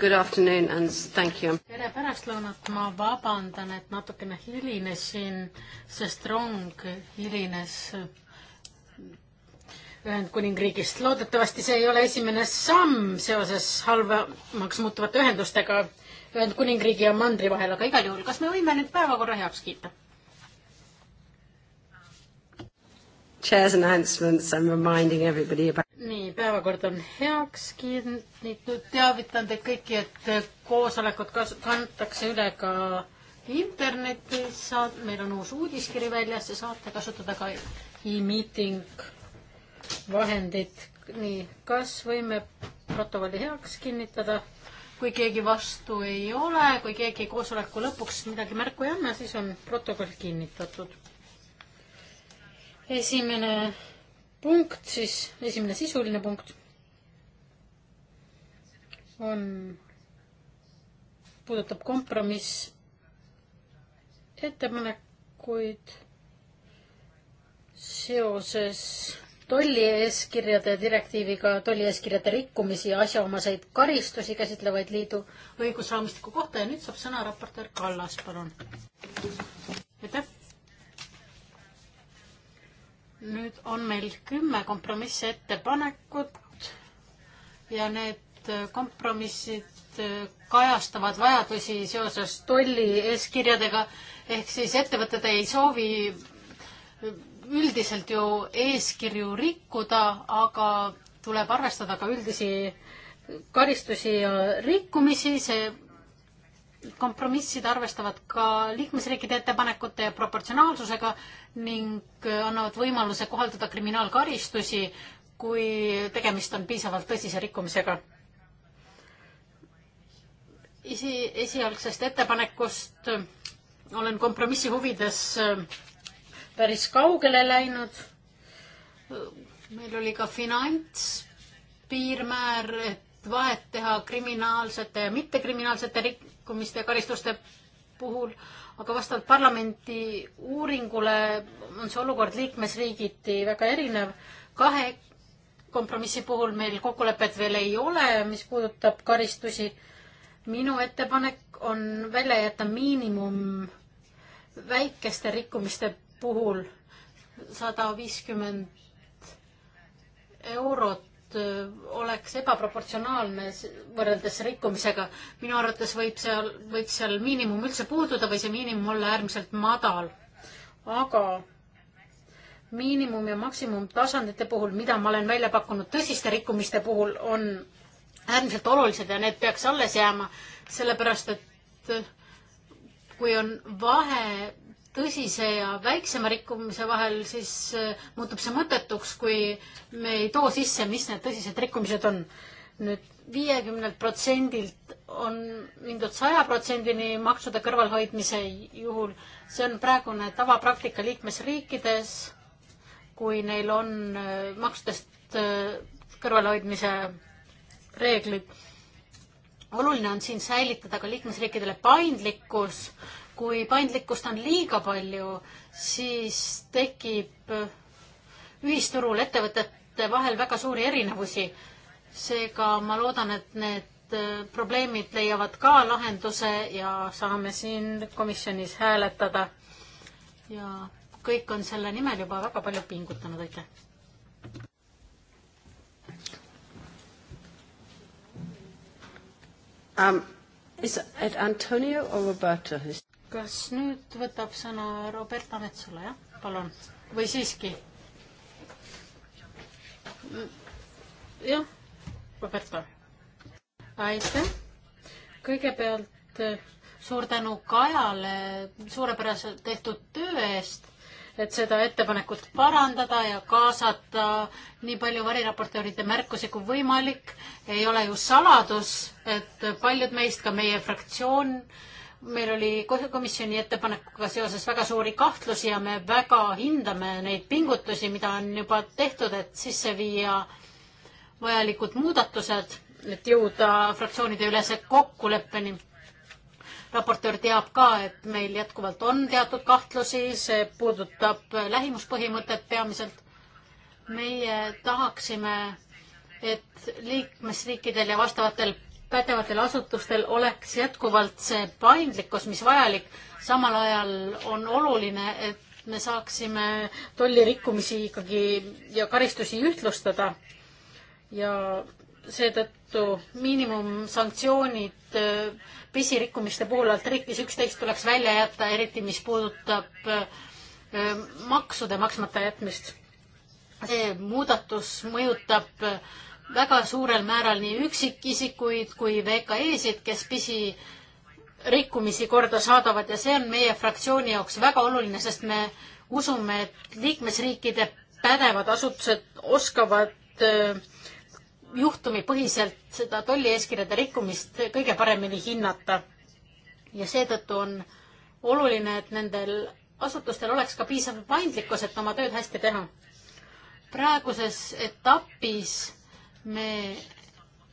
Good afternoon and thank you. tere pärastlõunat, ma vabandan, et natukene hilinesin, sest rong hilines Ühendkuningriigist. loodetavasti see ei ole esimene samm seoses halvemaks muutuvate ühendustega Ühendkuningriigi ja mandri vahel, aga igal juhul, kas me võime nüüd päevakorra heaks kiita? Chairs announcements, I am reminding everybody about nii, päevakord on heaks kiidetud, teavitan teid kõiki, et koosolekud kas-, kantakse üle ka internetis, saad, meil on uus uudiskiri väljas ja saate kasutada ka e-meeting vahendit. nii, kas võime protokolli heaks kinnitada? kui keegi vastu ei ole, kui keegi koosoleku lõpuks midagi märku ei anna, siis on protokoll kinnitatud. esimene punkt siis, esimene sisuline punkt on, puudutab kompromiss ettepanekuid seoses tollieeskirjade direktiiviga tollieeskirjade rikkumisi ja asjaomaseid karistusi käsitlevaid liidu õigusraamistiku kohta ja nüüd saab sõna raportöör Kallas, palun. aitäh nüüd on meil kümme kompromissettepanekut ja need kompromissid kajastavad vajadusi seoses tolli eeskirjadega, ehk siis ettevõtted ei soovi üldiselt ju eeskirju rikkuda, aga tuleb arvestada ka üldisi karistusi ja rikkumisi, see kompromissid arvestavad ka liikmesriikide ettepanekute ja proportsionaalsusega ning äh, annavad võimaluse kohaldada kriminaalkaristusi, kui tegemist on piisavalt tõsise rikkumisega. isi, esialgsest ettepanekust äh, olen kompromissi huvides äh, päris kaugele läinud. meil oli ka finantspiirmäär, et vahet teha kriminaalsete ja mittekriminaalsete rik-, rikkumiste ja karistuste puhul, aga vastavalt parlamenti uuringule on see olukord liikmesriigiti väga erinev. kahe kompromissi puhul meil kokkulepet veel ei ole, mis puudutab karistusi. minu ettepanek on välja jätta miinimum väikeste rikkumiste puhul sada viiskümmend eurot Äh, oleks ebaproportsionaalne võrreldes rikkumisega. minu arvates võib seal, võiks seal miinimum üldse puududa või see miinimum olla äärmiselt madal. aga miinimum ja maksimumtasandite puhul, mida ma olen välja pakkunud tõsiste rikkumiste puhul, on äärmiselt olulised ja need peaks alles jääma, sellepärast et äh, kui on vahe tõsise ja väiksema rikkumise vahel, siis äh, muutub see mõttetuks, kui me ei too sisse, mis need tõsised rikkumised on. nüüd viiekümnelt protsendilt on mindud saja protsendini maksude kõrvalhoidmise juhul. see on praegune tavapraktika liikmesriikides, kui neil on äh, maksudest äh, kõrvalhoidmise reeglid oluline on siin säilitada ka liikmesriikidele paindlikkus, kui paindlikkust on liiga palju, siis tekib ühisturul ettevõtete vahel väga suuri erinevusi. seega ma loodan, et need äh, probleemid leiavad ka lahenduse ja saame siin komisjonis hääletada. ja kõik on selle nimel juba väga palju pingutanud, aitäh! Um, is it Antonio or Roberto? Who's kas nüüd võtab sõna Robert Ametsula, jah? palun. või siiski? jah, Roberto. aitäh. kõigepealt eh, suur tänu Kajale suurepärase tehtud töö eest, et seda ettepanekut parandada ja kaasata nii palju variraportööride märkusi kui võimalik. ei ole ju saladus, et paljud meist, ka meie fraktsioon, meil oli komisjoni ettepanekuga seoses väga suuri kahtlusi ja me väga hindame neid pingutusi, mida on juba tehtud, et sisse viia vajalikud muudatused, et jõuda fraktsioonide ülese kokkuleppeni. raportöör teab ka, et meil jätkuvalt on teatud kahtlusi, see puudutab lähimuspõhimõtet peamiselt. meie tahaksime, et liikmesriikidel ja vastavatel pädevatel asutustel oleks jätkuvalt see paindlikkus, mis vajalik. samal ajal on oluline, et me saaksime tollirikkumisi ikkagi ja karistusi ühtlustada. ja seetõttu miinimumsanktsioonid eh, pisirikkumiste puhul artiklis üksteist tuleks välja jätta, eriti mis puudutab eh, maksude maksmata jätmist. see muudatus mõjutab eh, väga suurel määral nii üksikisikuid kui VKE-sid, kes pisi rikkumisi korda saadavad ja see on meie fraktsiooni jaoks väga oluline, sest me usume, et liikmesriikide pädevad asutused oskavad äh, juhtumipõhiselt seda tollieeskirjade rikkumist kõige paremini hinnata. ja seetõttu on oluline, et nendel asutustel oleks ka piisav paindlikkus, et oma tööd hästi teha. praeguses etapis me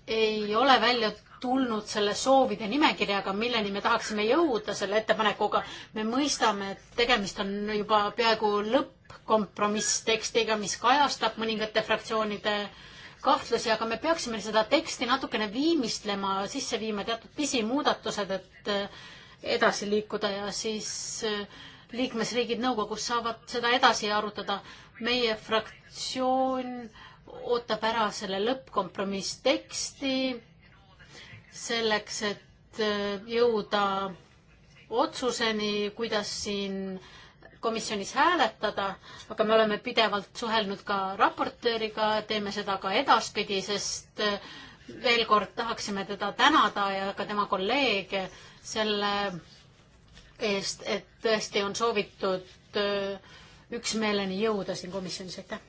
ei ole välja tulnud selle soovide nimekirjaga, milleni me tahaksime jõuda selle ettepanekuga. me mõistame, et tegemist on juba peaaegu lõppkompromisstekstiga, mis kajastab mõningate fraktsioonide kahtlusi, aga me peaksime seda teksti natukene viimistlema, sisse viima teatud pisimuudatused, et eh, edasi liikuda ja siis eh, liikmesriigid nõukogus saavad seda edasi arutada. meie fraktsioon äh, ootab ära selle lõppkompromissteksti selleks, et äh, jõuda otsuseni, kuidas siin komisjonis hääletada, aga me oleme pidevalt suhelnud ka raportööriga, teeme seda ka edaspidi, sest äh, veel kord tahaksime teda tänada ja ka tema kolleege selle eest, et tõesti on soovitud äh, üksmeeleni jõuda siin komisjonis, aitäh!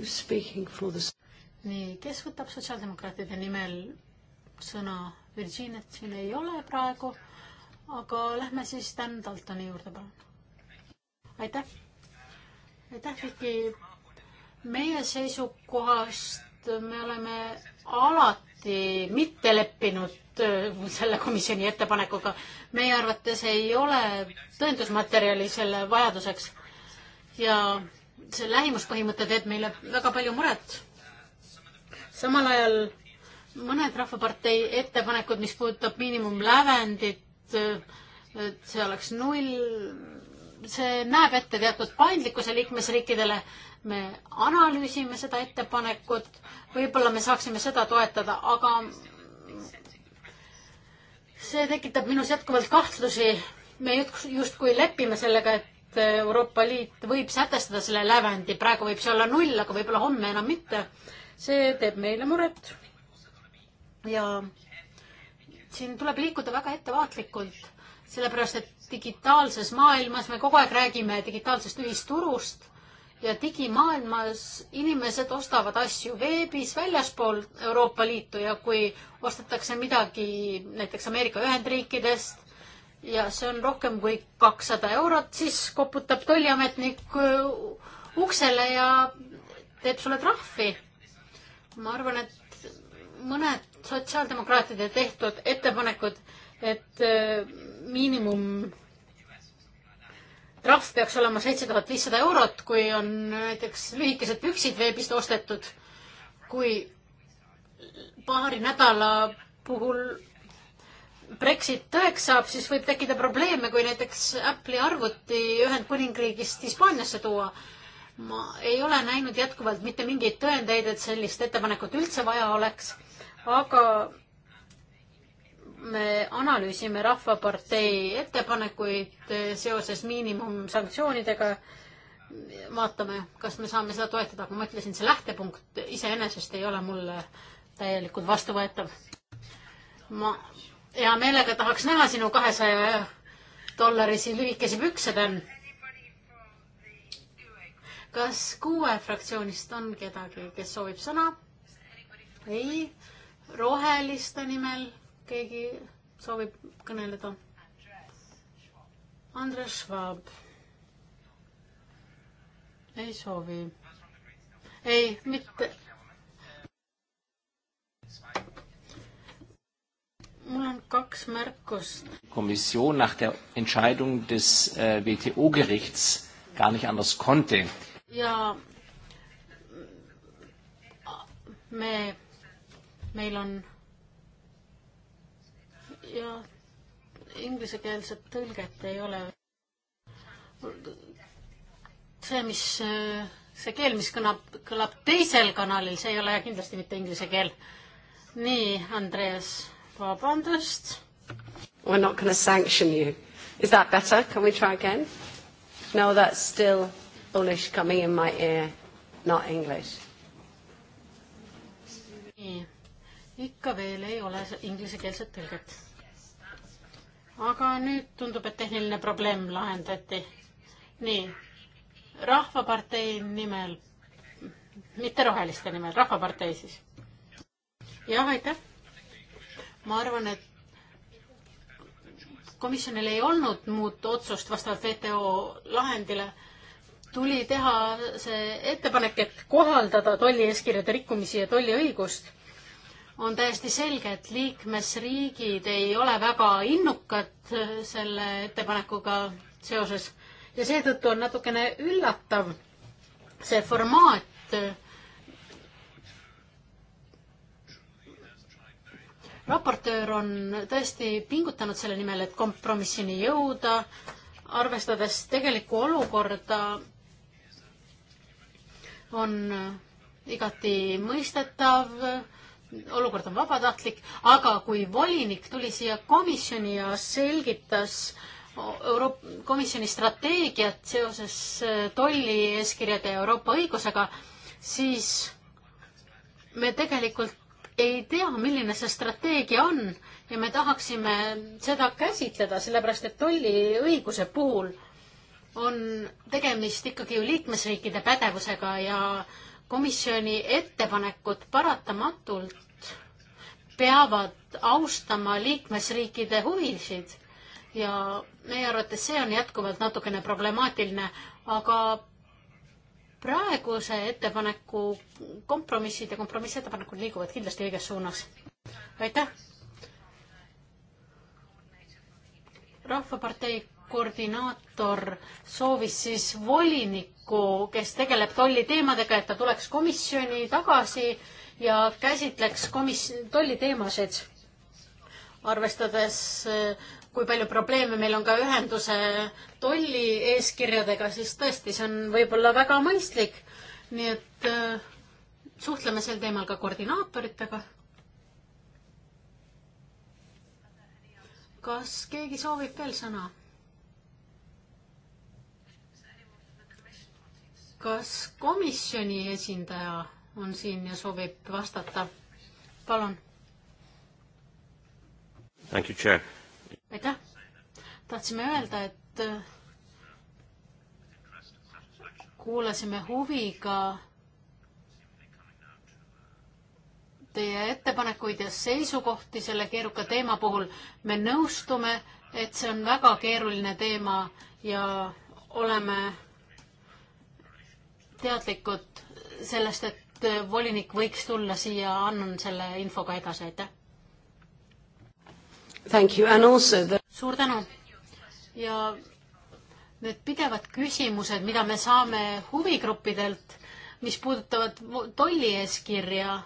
nii, kes võtab sotsiaaldemokraatide nimel sõna? Virginiat siin ei ole praegu, aga lähme siis Dan Daltoni juurde, palun. aitäh. aitäh, Viki. meie seisukohast me oleme alati mitte leppinud äh, selle komisjoni ettepanekuga. meie arvates ei ole tõendusmaterjali selle vajaduseks ja see lähimuspõhimõte teeb meile väga palju muret. samal ajal mõned Rahvapartei ettepanekud, mis puudutab miinimumlävendit, et see oleks null, see näeb ette teatud paindlikkuse liikmesriikidele. me analüüsime seda ettepanekut, võib-olla me saaksime seda toetada, aga see tekitab minus jätkuvalt kahtlusi. me justkui lepime sellega, et et Euroopa Liit võib sätestada selle lävendi, praegu võib see olla null, aga võib-olla homme enam mitte. see teeb meile muret. ja siin tuleb liikuda väga ettevaatlikult, sellepärast et digitaalses maailmas me kogu aeg räägime digitaalsest ühisturust ja digimaailmas inimesed ostavad asju veebis väljaspool Euroopa Liitu ja kui ostetakse midagi näiteks Ameerika Ühendriikidest ja see on rohkem kui kakssada eurot, siis koputab tolliametnik äh, uksele ja teeb sulle trahvi. ma arvan, et mõned sotsiaaldemokraatide tehtud ettepanekud, et äh, miinimum trahv peaks olema seitse tuhat viissada eurot, kui on näiteks lühikesed püksid veebist ostetud, kui paari nädala puhul Brexit tõeks saab, siis võib tekkida probleeme, kui näiteks Apple'i arvuti Ühendkuningriigist Hispaaniasse tuua. ma ei ole näinud jätkuvalt mitte mingeid tõendeid, et sellist ettepanekut üldse vaja oleks, aga me analüüsime Rahvapartei ettepanekuid seoses miinimumsanktsioonidega. vaatame, kas me saame seda toetada, aga ma ütlesin, see lähtepunkt iseenesest ei ole mulle täielikult vastuvõetav. ma hea meelega tahaks näha sinu kahesaja dollarisi lühikesi pükse, Dan. kas kuue fraktsioonist on kedagi, kes soovib sõna? ei, roheliste nimel keegi soovib kõneleda? Andres Schwab. ei soovi. ei, mitte mul on kaks märkust. komisjon nach der entscheidung des äh, WTO gerichts gar nicht anders konnte. ja me, meil on ja inglisekeelset tõlget ei ole. see, mis, äh, see keel, mis kõlab, kõlab teisel kanalil, see ei ole kindlasti mitte inglise keel. nii, Andreas vabandust. We are not going to sanction you. Is that better? Can we try again? No, that's still Polish coming in my ear, not English. nii, ikka veel ei ole inglisekeelset tõlget. aga nüüd tundub, et tehniline probleem lahendati. nii, Rahvapartei nimel, mitte Roheliste nimel, Rahvapartei siis. jah, aitäh ma arvan, et komisjonil ei olnud muud otsust vastavalt WTO lahendile. tuli teha see ettepanek, et kohaldada tollieeskirjade rikkumisi ja tolliõigust. on täiesti selge, et liikmesriigid ei ole väga innukad selle ettepanekuga seoses ja seetõttu on natukene üllatav see formaat raportöör on tõesti pingutanud selle nimel, et kompromissini jõuda, arvestades tegelikku olukorda, on igati mõistetav, olukord on vabatahtlik, aga kui volinik tuli siia komisjoni ja selgitas Euroopa Komisjoni strateegiat seoses äh, tolli eeskirjade Euroopa õigusega, siis me tegelikult ei tea, milline see strateegia on ja me tahaksime seda käsitleda, sellepärast et tolliõiguse puhul on tegemist ikkagi ju liikmesriikide pädevusega ja komisjoni ettepanekud paratamatult peavad austama liikmesriikide huvisid ja meie arvates see on jätkuvalt natukene problemaatiline, aga praeguse ettepaneku kompromissid ja kompromissettepanekud liiguvad kindlasti õiges suunas. aitäh! rahvapartei koordinaator soovis siis volinikku, kes tegeleb tolliteemadega, et ta tuleks komisjoni tagasi ja käsitleks komis-, tolliteemasid, arvestades kui palju probleeme meil on ka ühenduse tolli eeskirjadega, siis tõesti, see on võib-olla väga mõistlik. nii et äh, suhtleme sel teemal ka koordinaatoritega. kas keegi soovib veel sõna? kas komisjoni esindaja on siin ja soovib vastata? palun. Thank you, Chair aitäh! tahtsime öelda, et äh, kuulasime huviga teie ettepanekuid ja seisukohti selle keeruka teema puhul. me nõustume, et see on väga keeruline teema ja oleme teadlikud sellest, et volinik võiks tulla siia, annan selle info ka edasi, aitäh! The... suur tänu ja need pidevad küsimused, mida me saame huvigruppidelt, mis puudutavad tollieeskirja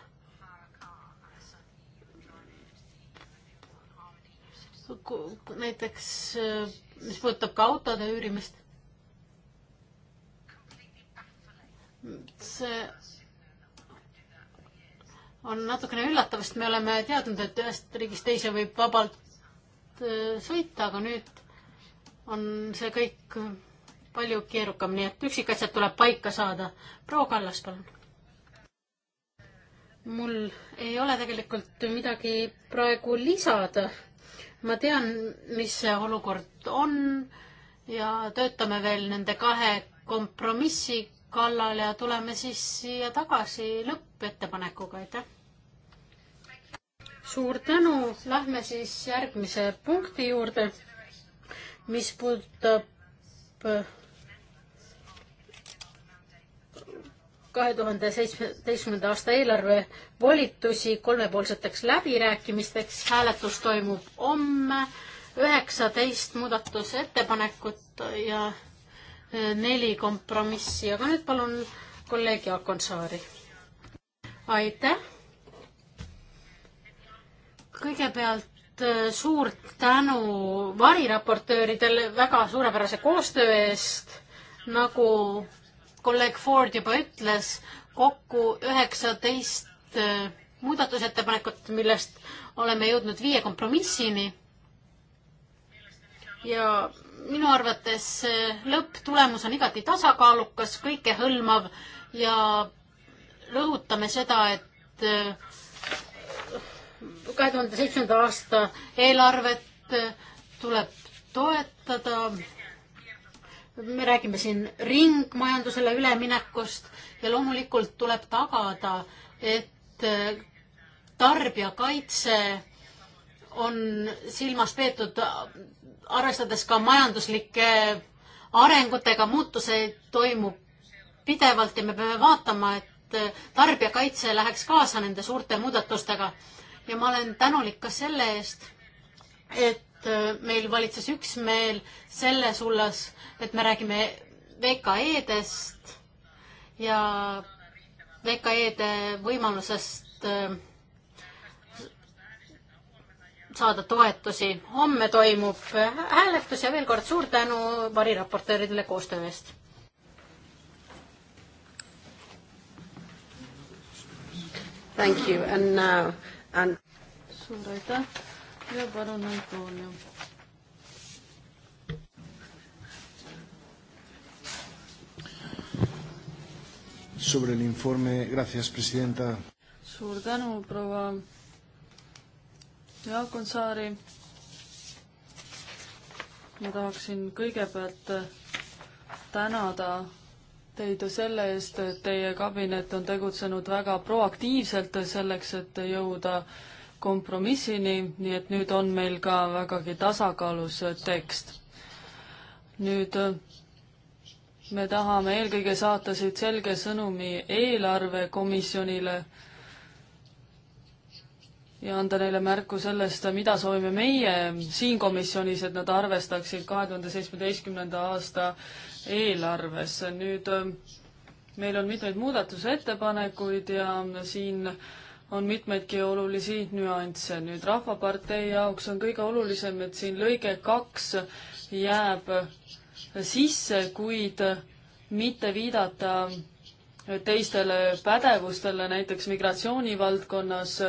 näiteks mis puudutab ka autode üürimist. see on natukene üllatav, sest me oleme teadnud, et ühest riigist teise võib vabalt Äh, sõita, aga nüüd on see kõik palju keerukam, nii et üksikasjad tuleb paika saada. proua Kallas, palun. mul ei ole tegelikult midagi praegu lisada. ma tean, mis see olukord on ja töötame veel nende kahe kompromissi kallal ja tuleme siis siia tagasi lõppettepanekuga, aitäh suur tänu, lähme siis järgmise punkti juurde, mis puudutab äh, kahe tuhande seitsmeteistkümnenda aasta eelarve volitusi kolmepoolseteks läbirääkimisteks. hääletus toimub homme, üheksateist muudatusettepanekut ja äh, neli kompromissi, aga nüüd palun kolleeg Jaak Onsaari. aitäh kõigepealt äh, suur tänu variraportööridele väga suurepärase koostöö eest, nagu kolleeg Ford juba ütles, kokku üheksateist äh, muudatusettepanekut, millest oleme jõudnud viie kompromissini. ja minu arvates äh, lõpptulemus on igati tasakaalukas, kõikehõlmav ja rõhutame seda, et kahe tuhande seitsmenda aasta eelarvet äh, tuleb toetada. me räägime siin ringmajandusele üleminekust ja loomulikult tuleb tagada, et äh, tarbijakaitse on silmas peetud, arvestades ka majanduslike arengutega, muutuseid toimub pidevalt ja me peame vaatama, et äh, tarbijakaitse läheks kaasa nende suurte muudatustega ja ma olen tänulik ka selle eest, et äh, meil valitses üksmeel selles hullas, et me räägime VKE-dest ja VKE-de võimalusest äh, saada toetusi. homme toimub hääletus ja veel kord suur tänu variraportööridele koostöö eest. Thank you and now and... suur aitäh ja palun Antonio. Sobre el informe, gracias, presidenta. suur tänu, proua Jaakonsaari. ma tahaksin kõigepealt tänada teid selle eest, et teie kabinet on tegutsenud väga proaktiivselt selleks, et jõuda kompromissini, nii et nüüd on meil ka vägagi tasakaalus tekst. nüüd me tahame eelkõige saata siit selge sõnumi eelarvekomisjonile ja anda neile märku sellest, mida soovime meie siin komisjonis, et nad arvestaksid kahe tuhande seitsmeteistkümnenda aasta eelarves. nüüd ähm, meil on mitmeid muudatusettepanekuid ja siin on mitmeidki olulisi nüansse. nüüd Rahvapartei jaoks on kõige olulisem, et siin lõige kaks jääb sisse, kuid mitte viidata teistele pädevustele, näiteks migratsioonivaldkonnas.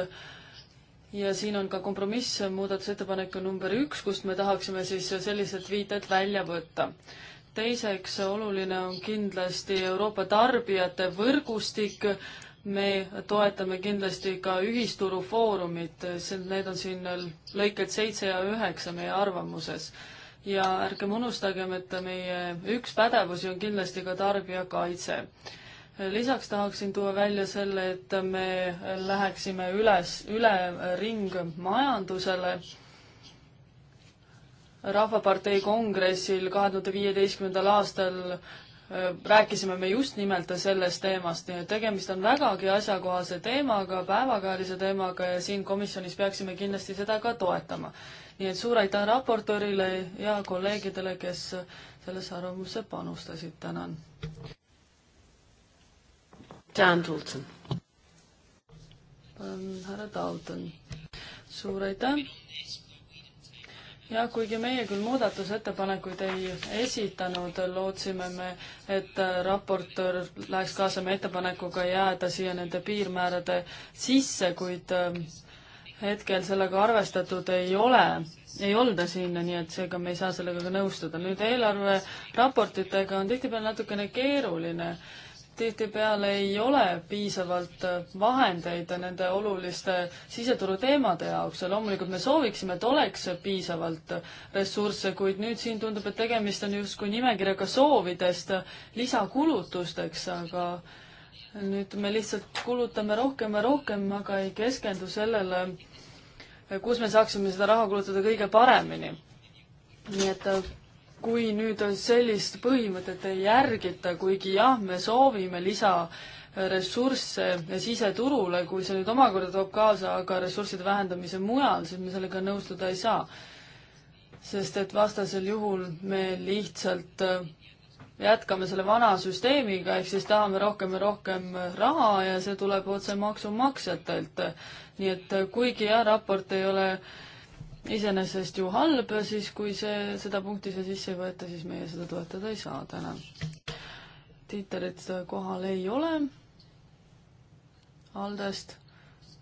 ja siin on ka kompromiss muudatusettepaneku number üks, kust me tahaksime siis sellised viited välja võtta teiseks oluline on kindlasti Euroopa tarbijate võrgustik. me toetame kindlasti ka ühisturu foorumit, need on siin lõiked seitse ja üheksa meie arvamuses. ja ärgem unustagem, et meie üks pädevusi on kindlasti ka tarbijakaitse. lisaks tahaksin tuua välja selle, et me läheksime üles, üle ringmajandusele rahvapartei kongressil kahe tuhande viieteistkümnendal aastal äh, rääkisime me just nimelt sellest teemast, nii et tegemist on vägagi asjakohase teemaga, päevakajalise teemaga ja siin komisjonis peaksime kindlasti seda ka toetama. nii et suur aitäh raportöörile ja kolleegidele, kes sellesse arvamusse panustasid, tänan. Dan Dalton. palun, härra Dalton. suur aitäh ja kuigi meie küll muudatusettepanekuid ei esitanud, lootsime me, et äh, raportöör läheks kaasa meie ettepanekuga jääda siia nende piirmäärade sisse, kuid ähm, hetkel sellega arvestatud ei ole, ei olda sinna, nii et seega me ei saa sellega ka nõustuda. nüüd eelarveraportitega on tihtipeale natukene keeruline tihtipeale ei ole piisavalt vahendeid nende oluliste siseturu teemade jaoks ja loomulikult me sooviksime, et oleks piisavalt ressursse, kuid nüüd siin tundub, et tegemist on justkui nimekirjaga soovidest lisakulutusteks, aga nüüd me lihtsalt kulutame rohkem ja rohkem, aga ei keskendu sellele, kus me saaksime seda raha kulutada kõige paremini. nii et kui nüüd sellist põhimõtet ei järgita, kuigi jah, me soovime lisaressursse siseturule, kui see nüüd omakorda toob kaasa aga ressursside vähendamise mujal, siis me sellega nõustuda ei saa. sest et vastasel juhul me lihtsalt äh, jätkame selle vana süsteemiga, ehk siis tahame rohkem ja rohkem raha ja see tuleb otse maksumaksjatelt. nii et äh, kuigi jah, raport ei ole äh, iseenesest ju halb, siis kui see, seda punkti siia sisse ei võeta, siis meie seda toetada ei saa täna. Tiiterit kohal ei ole. Aldest,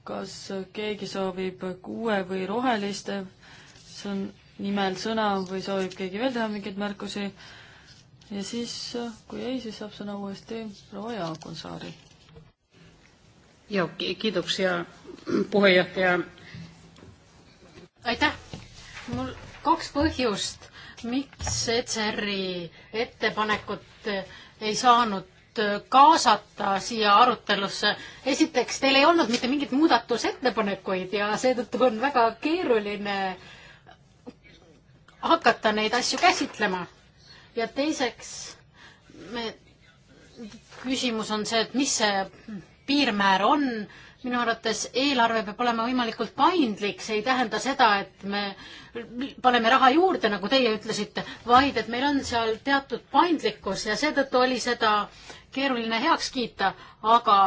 kas keegi soovib kuue või roheliste sõn-, nimel sõna või soovib keegi veel teha mingeid märkusi? ja siis, kui ei, siis saab sõna uuesti proua Jaak Unsaari. ja kiitoksia puhejuhataja aitäh! mul kaks põhjust, miks ECR-i ettepanekut ei saanud kaasata siia arutelusse. esiteks, teil ei olnud mitte mingeid muudatusettepanekuid ja seetõttu on väga keeruline hakata neid asju käsitlema. ja teiseks, me, küsimus on see, et mis see piirmäär on minu arvates eelarve peab olema võimalikult paindlik, see ei tähenda seda, et me paneme raha juurde, nagu teie ütlesite, vaid et meil on seal teatud paindlikkus ja seetõttu oli seda keeruline heaks kiita, aga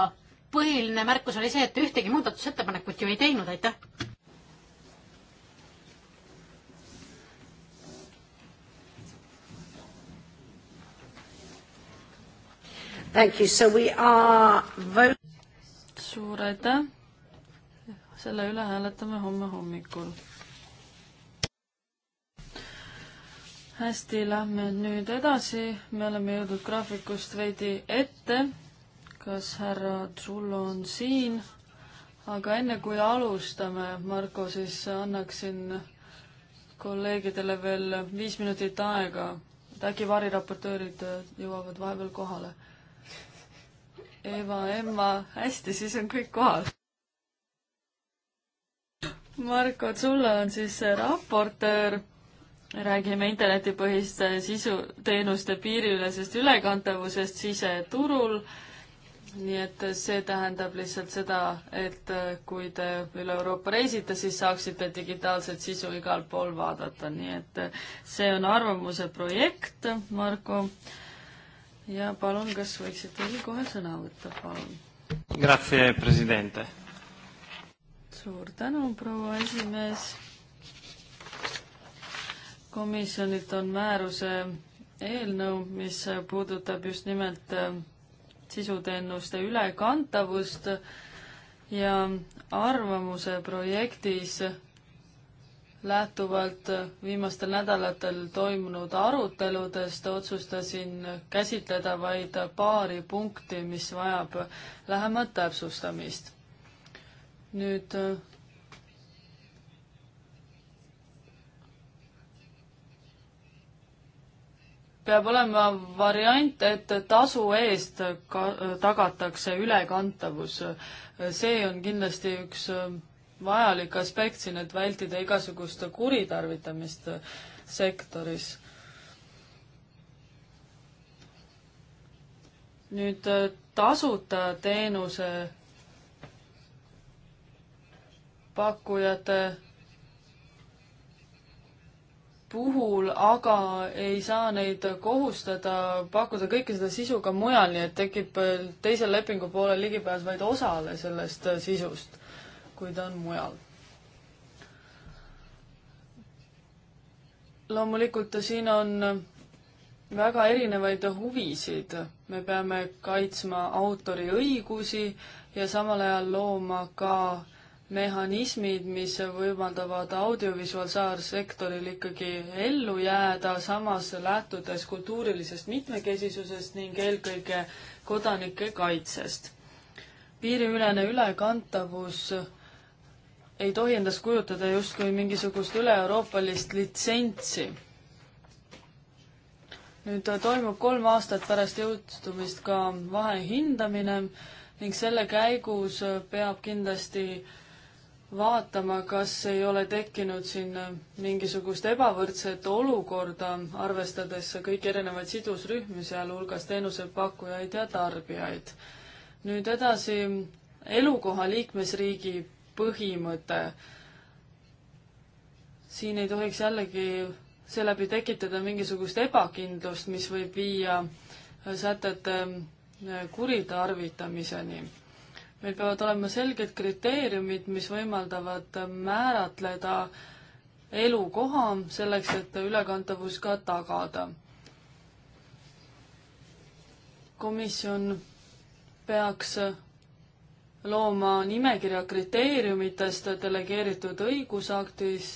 põhiline märkus oli see, et ühtegi muudatusettepanekut ju ei teinud, aitäh. Thank you. So we are voting suur aitäh. selle üle hääletame homme hommikul. hästi, lähme nüüd edasi, me oleme jõudnud graafikust veidi ette. kas härra Tsullo on siin? aga enne kui alustame, Marko, siis annaksin kolleegidele veel viis minutit aega, et äkki variraportöörid jõuavad vahepeal kohale Eva, Emma, hästi, siis on kõik kohal. Marko, sulle on siis raportöör. räägime internetipõhiste sisu, teenuste piiriülesest ülekantavusest siseturul. nii et see tähendab lihtsalt seda, et kui te üle Euroopa reisite, siis saaksite digitaalset sisu igal pool vaadata, nii et see on arvamuse projekt, Marko ja palun, kas võiksite kohe sõna võtta, palun? Grazie, president. suur tänu, proua esimees. komisjonilt on määruse eelnõu, mis puudutab just nimelt äh, sisuteenuste ülekantavust ja arvamuse projektis lähtuvalt viimastel nädalatel toimunud aruteludest otsustasin käsitleda vaid paari punkti, mis vajab lähemat täpsustamist. nüüd peab olema variant, et tasu eest ka tagatakse ülekantavus. see on kindlasti üks vajalik aspekt siin, et vältida igasugust kuritarvitamist sektoris. nüüd äh, tasuta teenuse pakkujate puhul aga ei saa neid kohustada pakkuda kõike seda sisu ka mujal, nii et tekib äh, teisel lepingupoolel ligipääs vaid osale sellest äh, sisust kui ta on mujal. loomulikult siin on väga erinevaid huvisid, me peame kaitsma autoriõigusi ja samal ajal looma ka mehhanismid, mis võimaldavad audiovisuaalsektoril ikkagi ellu jääda, samas lähtudes kultuurilisest mitmekesisusest ning eelkõige kodanike kaitsest. piiriülene ülekantavus ei tohi endast kujutada justkui mingisugust üle-euroopalist litsentsi. nüüd äh, toimub kolm aastat pärast jõustumist ka vahehindamine ning selle käigus äh, peab kindlasti vaatama, kas ei ole tekkinud siin äh, mingisugust ebavõrdset olukorda, arvestades kõiki erinevaid sidusrühmi, sealhulgas teenusepakkujaid ja tarbijaid. nüüd edasi, elukoha liikmesriigi põhimõte. siin ei tohiks jällegi seeläbi tekitada mingisugust ebakindlust, mis võib viia sätete ähm, kuritarvitamiseni. meil peavad olema selged kriteeriumid, mis võimaldavad määratleda elukoha selleks, et ülekantavus ka tagada. komisjon peaks looma nimekirja kriteeriumitest delegeeritud õigusaktis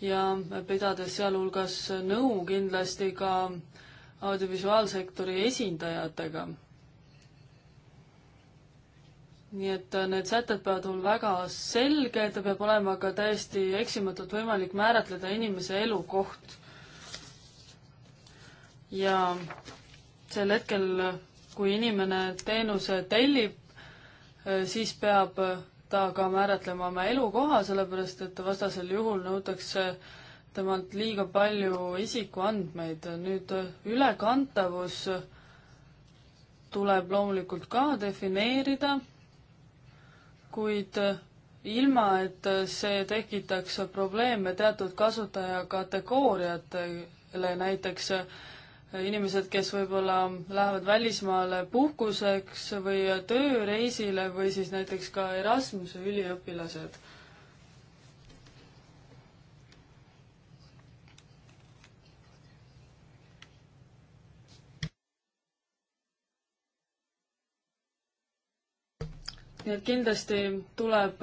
ja pidades sealhulgas nõu kindlasti ka audiovisuaalsektori esindajatega. nii et need sätted peavad olema väga selged ja peab olema ka täiesti eksimatult võimalik määratleda inimese elukoht. ja sel hetkel, kui inimene teenuse tellib, Äh, siis peab äh, ta ka määratlema oma elukoha, sellepärast et vastasel juhul nõutakse temalt liiga palju isikuandmeid. nüüd äh, ülekantavus tuleb loomulikult ka defineerida, kuid ilma, et see tekitaks probleeme teatud kasutaja kategooriatele, näiteks äh, inimesed, kes võib-olla lähevad välismaale puhkuseks või tööreisile või siis näiteks ka Erasmuse üliõpilased. nii et kindlasti tuleb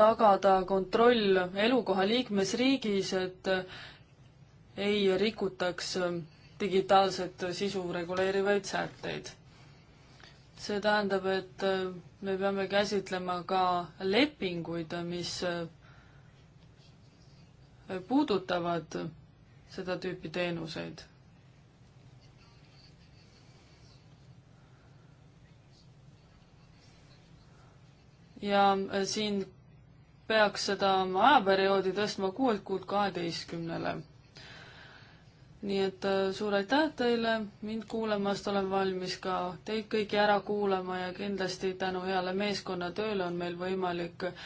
tagada kontroll elukoha liikmesriigis, et ei rikutaks digitaalset sisu reguleerivaid sätteid. see tähendab, et me peame käsitlema ka lepinguid, mis puudutavad seda tüüpi teenuseid. ja siin peaks seda ajaperioodi tõstma kuuelt kuult kaheteistkümnele nii et äh, suur aitäh teile mind kuulamast, olen valmis ka teid kõiki ära kuulama ja kindlasti tänu heale meeskonnatööle on meil võimalik äh,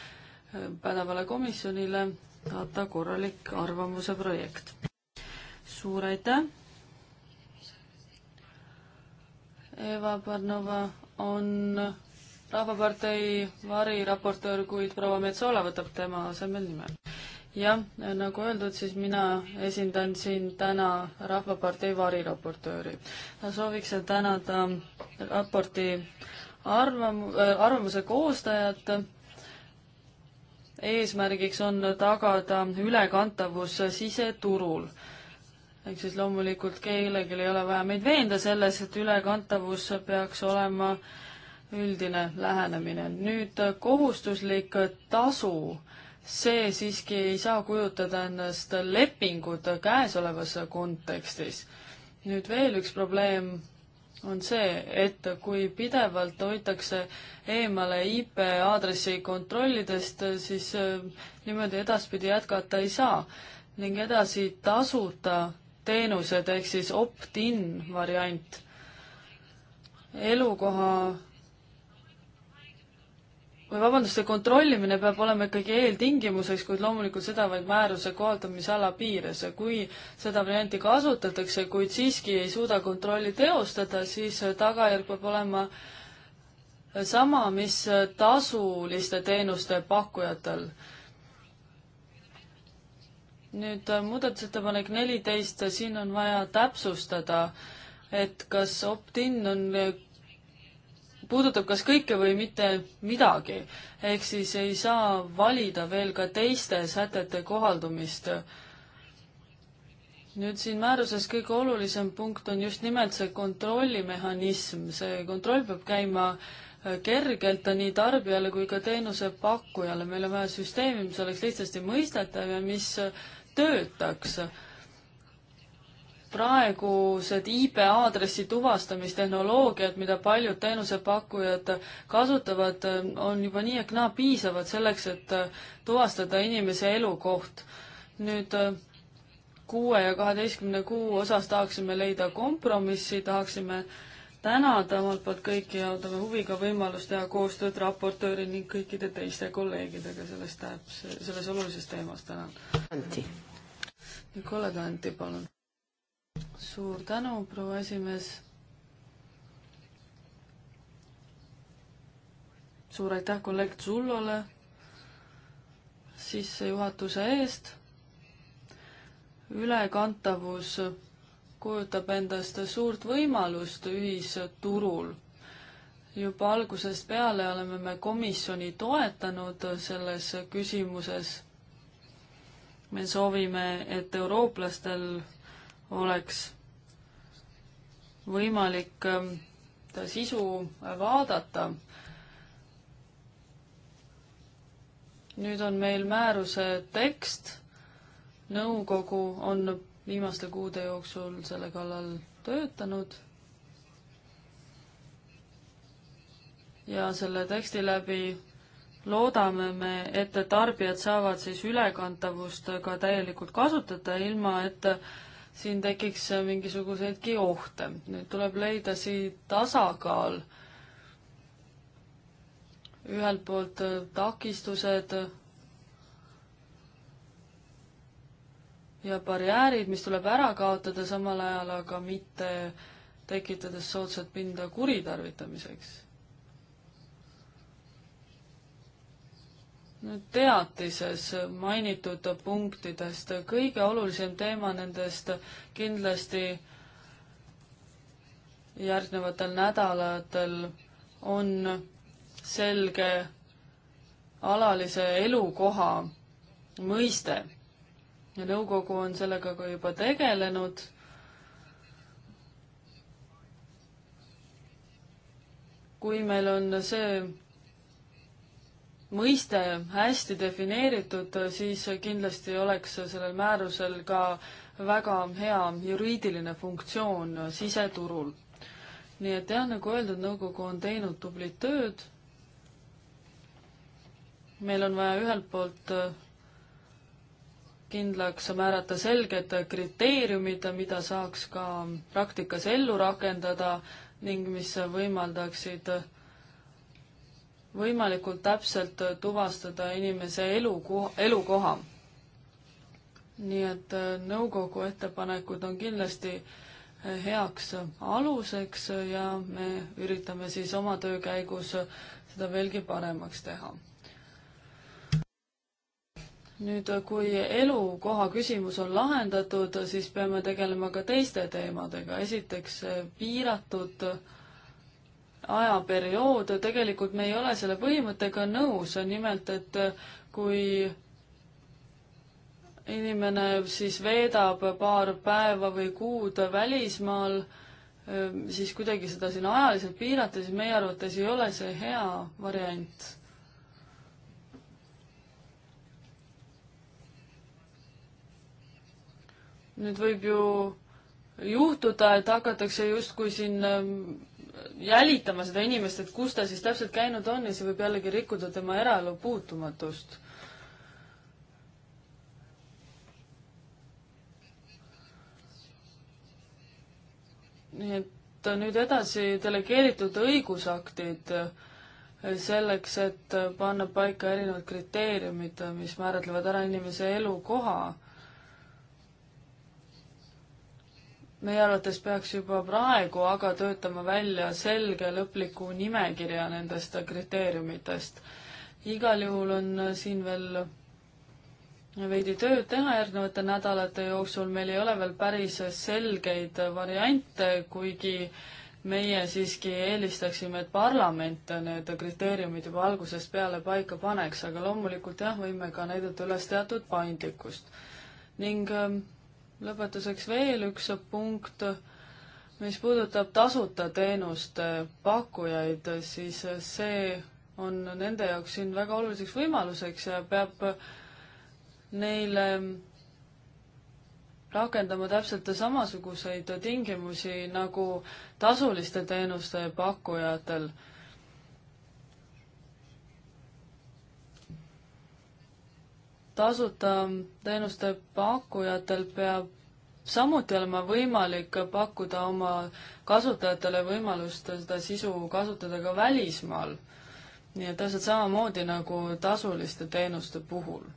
pädevale komisjonile saata korralik arvamuse projekt. suur aitäh! Eva Barnova on Rahvapartei variraportöör, kuid proua Metsola võtab tema asemel nime jah, nagu öeldud, siis mina esindan siin täna Rahvapartei variraportööri. sooviks tänada raporti arvam-, äh, arvamuse koostajat, eesmärgiks on tagada ülekantavus siseturul. ehk siis loomulikult kellelgi ei ole vaja meid veenda selles, et ülekantavus peaks olema üldine lähenemine. nüüd kohustuslik tasu see siiski ei saa kujutada ennast lepingut käesolevas kontekstis. nüüd veel üks probleem on see, et kui pidevalt hoitakse eemale IP aadressi kontrollidest, siis äh, niimoodi edaspidi jätkata ei saa ning edasi tasuta teenused ehk siis opt-in variant. elukoha või vabandust, see kontrollimine peab olema ikkagi eeltingimuseks, kuid loomulikult seda vaid määruse kohaldamisala piires ja kui seda varianti kasutatakse, kuid siiski ei suuda kontrolli teostada, siis tagajärg peab olema sama, mis tasuliste teenuste pakkujatel. nüüd äh, muudatusettepanek neliteist, äh, siin on vaja täpsustada, et kas opt-in on äh, puudutab kas kõike või mitte midagi. ehk siis ei saa valida veel ka teiste sätete kohaldumist. nüüd siin määruses kõige olulisem punkt on just nimelt see kontrollimehhanism, see kontroll peab käima äh, kergelt nii tarbijale kui ka teenusepakkujale, meil on vaja süsteemi, mis oleks lihtsasti mõistetav ja mis äh, töötaks praegused IP aadressi tuvastamistehnoloogiad, mida paljud teenusepakkujad kasutavad, on juba nii ehk naa piisavad selleks, et tuvastada inimese elukoht. nüüd kuue ja kaheteistkümne kuu osas tahaksime leida kompromissi, tahaksime tänada omalt poolt kõiki ja ootame huviga võimalust teha koostööd raportööri ning kõikide teiste kolleegidega selles täpse, selles olulises teemas. tänan. Anti. Nicola Tanti, palun suur tänu, proua esimees. suur aitäh kolleeg Zullole sissejuhatuse eest. ülekantavus kujutab endast suurt võimalust ühisturul. juba algusest peale oleme me komisjoni toetanud selles küsimuses. me soovime, et eurooplastel oleks võimalik ähm, ta sisu vaadata. nüüd on meil määruse tekst, nõukogu on viimaste kuude jooksul selle kallal töötanud ja selle teksti läbi loodame me, et tarbijad saavad siis ülekantavust ka täielikult kasutada, ilma et siin tekiks mingisuguseidki ohte. nüüd tuleb leida siin tasakaal. ühelt poolt äh, takistused ja barjäärid, mis tuleb ära kaotada, samal ajal aga mitte tekitades soodsat pinda kuritarvitamiseks teatises mainitud punktidest. kõige olulisem teema nendest kindlasti järgnevatel nädalatel on selge alalise elukoha mõiste. ja nõukogu on sellega ka juba tegelenud. kui meil on see mõiste hästi defineeritud, siis kindlasti oleks sellel määrusel ka väga hea juriidiline funktsioon siseturul. nii et jah, nagu öeldud, nõukogu on teinud tublit tööd. meil on vaja ühelt poolt kindlaks määrata selged kriteeriumid, mida saaks ka praktikas ellu rakendada ning mis võimaldaksid võimalikult täpselt tuvastada inimese elukoha, elukoha. nii et äh, nõukogu ettepanekud on kindlasti äh, heaks äh, aluseks ja me üritame siis oma töö käigus seda veelgi paremaks teha. nüüd, kui elukoha küsimus on lahendatud, siis peame tegelema ka teiste teemadega, esiteks piiratud äh, ajaperiood, tegelikult me ei ole selle põhimõttega nõus, nimelt et kui inimene siis veedab paar päeva või kuud välismaal, siis kuidagi seda siin ajaliselt piirata, siis meie arvates ei ole see hea variant. nüüd võib ju juhtuda, et hakatakse justkui siin jälitama seda inimest, et kus ta siis täpselt käinud on ja see võib jällegi rikkuda tema eraelu puutumatust. nii et nüüd edasi delegeeritud õigusaktid eh, selleks, et panna paika erinevad kriteeriumid, eh, mis määratlevad ära inimese elukoha meie arvates peaks juba praegu aga töötama välja selge lõpliku nimekirja nendest kriteeriumitest. igal juhul on siin veel veidi tööd teha järgnevate nädalate jooksul, meil ei ole veel päris selgeid variante, kuigi meie siiski eelistaksime, et parlament need kriteeriumid juba algusest peale paika paneks, aga loomulikult jah, võime ka näidata üles teatud paindlikkust. ning ähm, lõpetuseks veel üks punkt, mis puudutab tasuta teenuste pakkujaid, siis see on nende jaoks siin väga oluliseks võimaluseks ja peab neile rakendama täpselt samasuguseid tingimusi nagu tasuliste teenuste pakkujatel tasuta teenuste pakkujatel peab samuti olema võimalik pakkuda oma kasutajatele võimalust seda sisu kasutada ka välismaal. nii et täpselt samamoodi nagu tasuliste teenuste puhul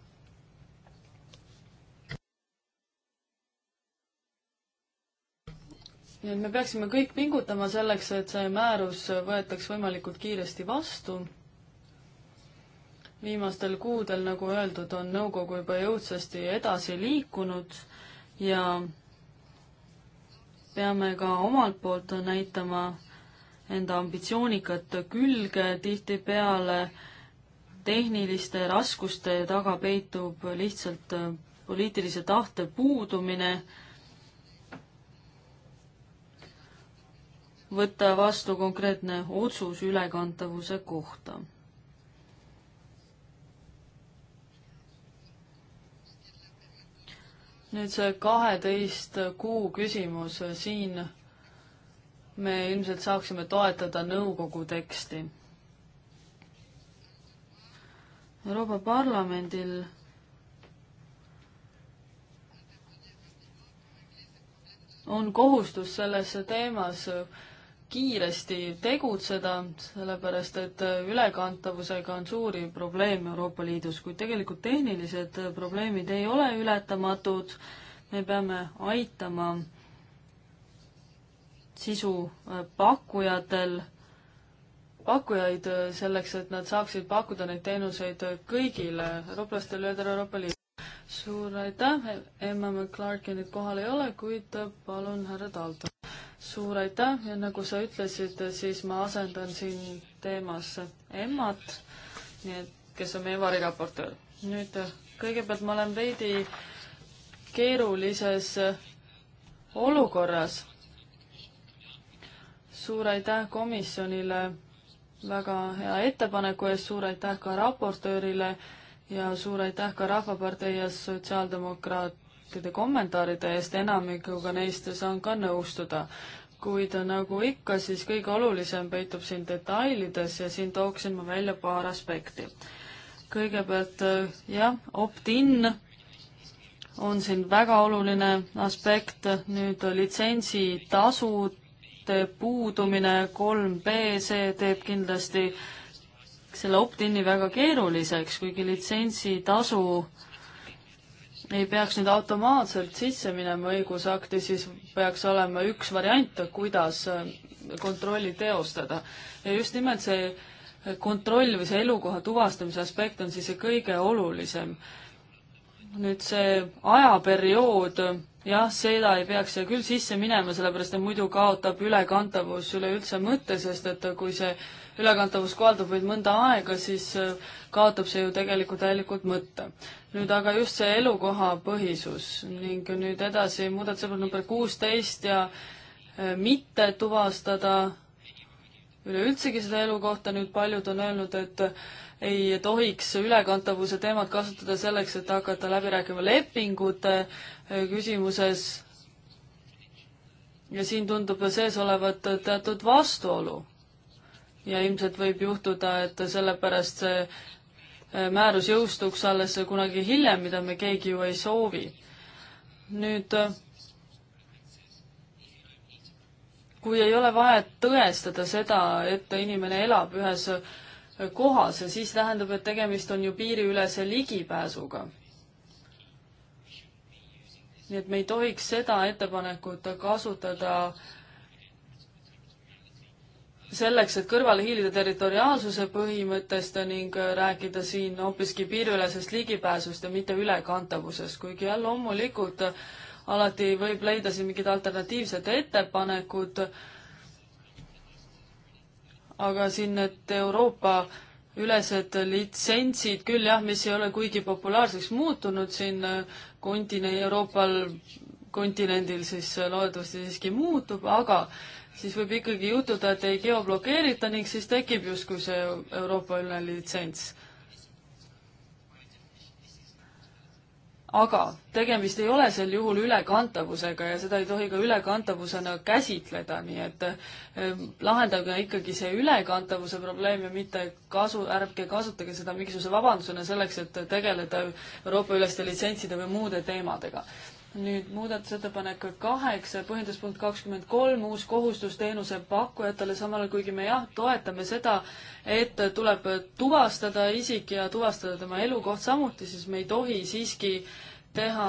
nii et me peaksime kõik pingutama selleks, et see määrus võetaks võimalikult kiiresti vastu viimastel kuudel, nagu öeldud, on nõukogu juba jõudsasti edasi liikunud ja peame ka omalt poolt näitama enda ambitsioonikat külge, tihtipeale tehniliste raskuste taga peitub lihtsalt poliitilise tahte puudumine võtta vastu konkreetne otsus ülekantavuse kohta nüüd see kaheteist kuu küsimus, siin me ilmselt saaksime toetada nõukogu teksti. Euroopa Parlamendil on kohustus selles teemas kiiresti tegutseda, sellepärast et ülekantavusega on suuri probleeme Euroopa Liidus, kuid tegelikult tehnilised probleemid ei ole ületamatud, me peame aitama sisu äh, pakkujatel, pakkujaid äh, selleks, et nad saaksid pakkuda neid teenuseid äh, kõigile eurooplastele üle terve Euroopa Liidu. suur aitäh, Emma McClarki nüüd kohal ei ole, kuid palun, härra Dalton suur aitäh ja nagu sa ütlesid, siis ma asendan siin teemas emmat, nii et kes on meie variraportöör. nüüd kõigepealt ma olen veidi keerulises olukorras. suur aitäh komisjonile väga hea ettepaneku eest, suur aitäh ka raportöörile ja suur aitäh ka Rahvapartei ja Sotsiaaldemokraat teie kommentaaride eest, enamikuga neist saan ka nõustuda. kuid nagu ikka, siis kõige olulisem peitub siin detailides ja siin tooksin ma välja paar aspekti. kõigepealt jah, opt-in on siin väga oluline aspekt, nüüd litsentsitasude puudumine, 3B, see teeb kindlasti selle opt-in'i väga keeruliseks, kuigi litsentsitasu äh, ei peaks nüüd automaatselt sisse minema õigusakti, siis peaks olema üks variant, kuidas äh, kontrolli teostada. ja just nimelt see äh, kontroll või see elukoha tuvastamise aspekt on siis see kõige olulisem. nüüd see ajaperiood, jah, seda ei peaks siia küll sisse minema, sellepärast et muidu kaotab ülekantavus üleüldse mõtte, sest et kui see ülekantavus kohaldub vaid mõnda aega, siis äh, kaotab see ju tegelikult täielikult mõtte nüüd aga just see elukohapõhisus ning nüüd edasi muudatusepanek number kuusteist ja äh, mitte tuvastada üleüldsegi seda elukohta, nüüd paljud on öelnud, et ei tohiks ülekantavuse teemat kasutada selleks, et hakata läbi rääkima lepingute äh, küsimuses. ja siin tundub sees olevat teatud vastuolu. ja ilmselt võib juhtuda, et sellepärast see Äh, määrus jõustuks alles kunagi hiljem, mida me keegi ju ei soovi. nüüd äh, kui ei ole vahet tõestada seda, et inimene elab ühes äh, kohas, siis tähendab, et tegemist on ju piiriülese ligipääsuga. nii et me ei tohiks seda ettepanekut kasutada äh, selleks, et kõrvale hiilida territoriaalsuse põhimõttest ning rääkida siin hoopiski piiriülesest ligipääsust ja mitte ülekantavusest, kuigi jah, loomulikult alati võib leida siin mingid alternatiivsed ettepanekud, aga siin need Euroopa ülesed litsentsid küll jah, mis ei ole kuigi populaarseks muutunud siin kontine-, Euroopal kontinendil siis loodetavasti siiski muutub, aga siis võib ikkagi juhtuda, et ei geoblokeerita ning siis tekib justkui see Euroopa-ülene litsents. aga tegemist ei ole sel juhul ülekantavusega ja seda ei tohi ka ülekantavusena käsitleda, nii et eh, lahendage ikkagi see ülekantavuse probleem ja mitte kasu, ärge kasutage seda mingisuguse vabandusena selleks, et tegeleda Euroopa-üleste litsentside või muude teemadega nüüd muudatusettepanek kaheksa, põhjenduspunkt kakskümmend kolm, uus kohustus teenusepakkujatele, samal ajal kuigi me jah, toetame seda, et tuleb tuvastada isik ja tuvastada tema elukoht samuti, siis me ei tohi siiski teha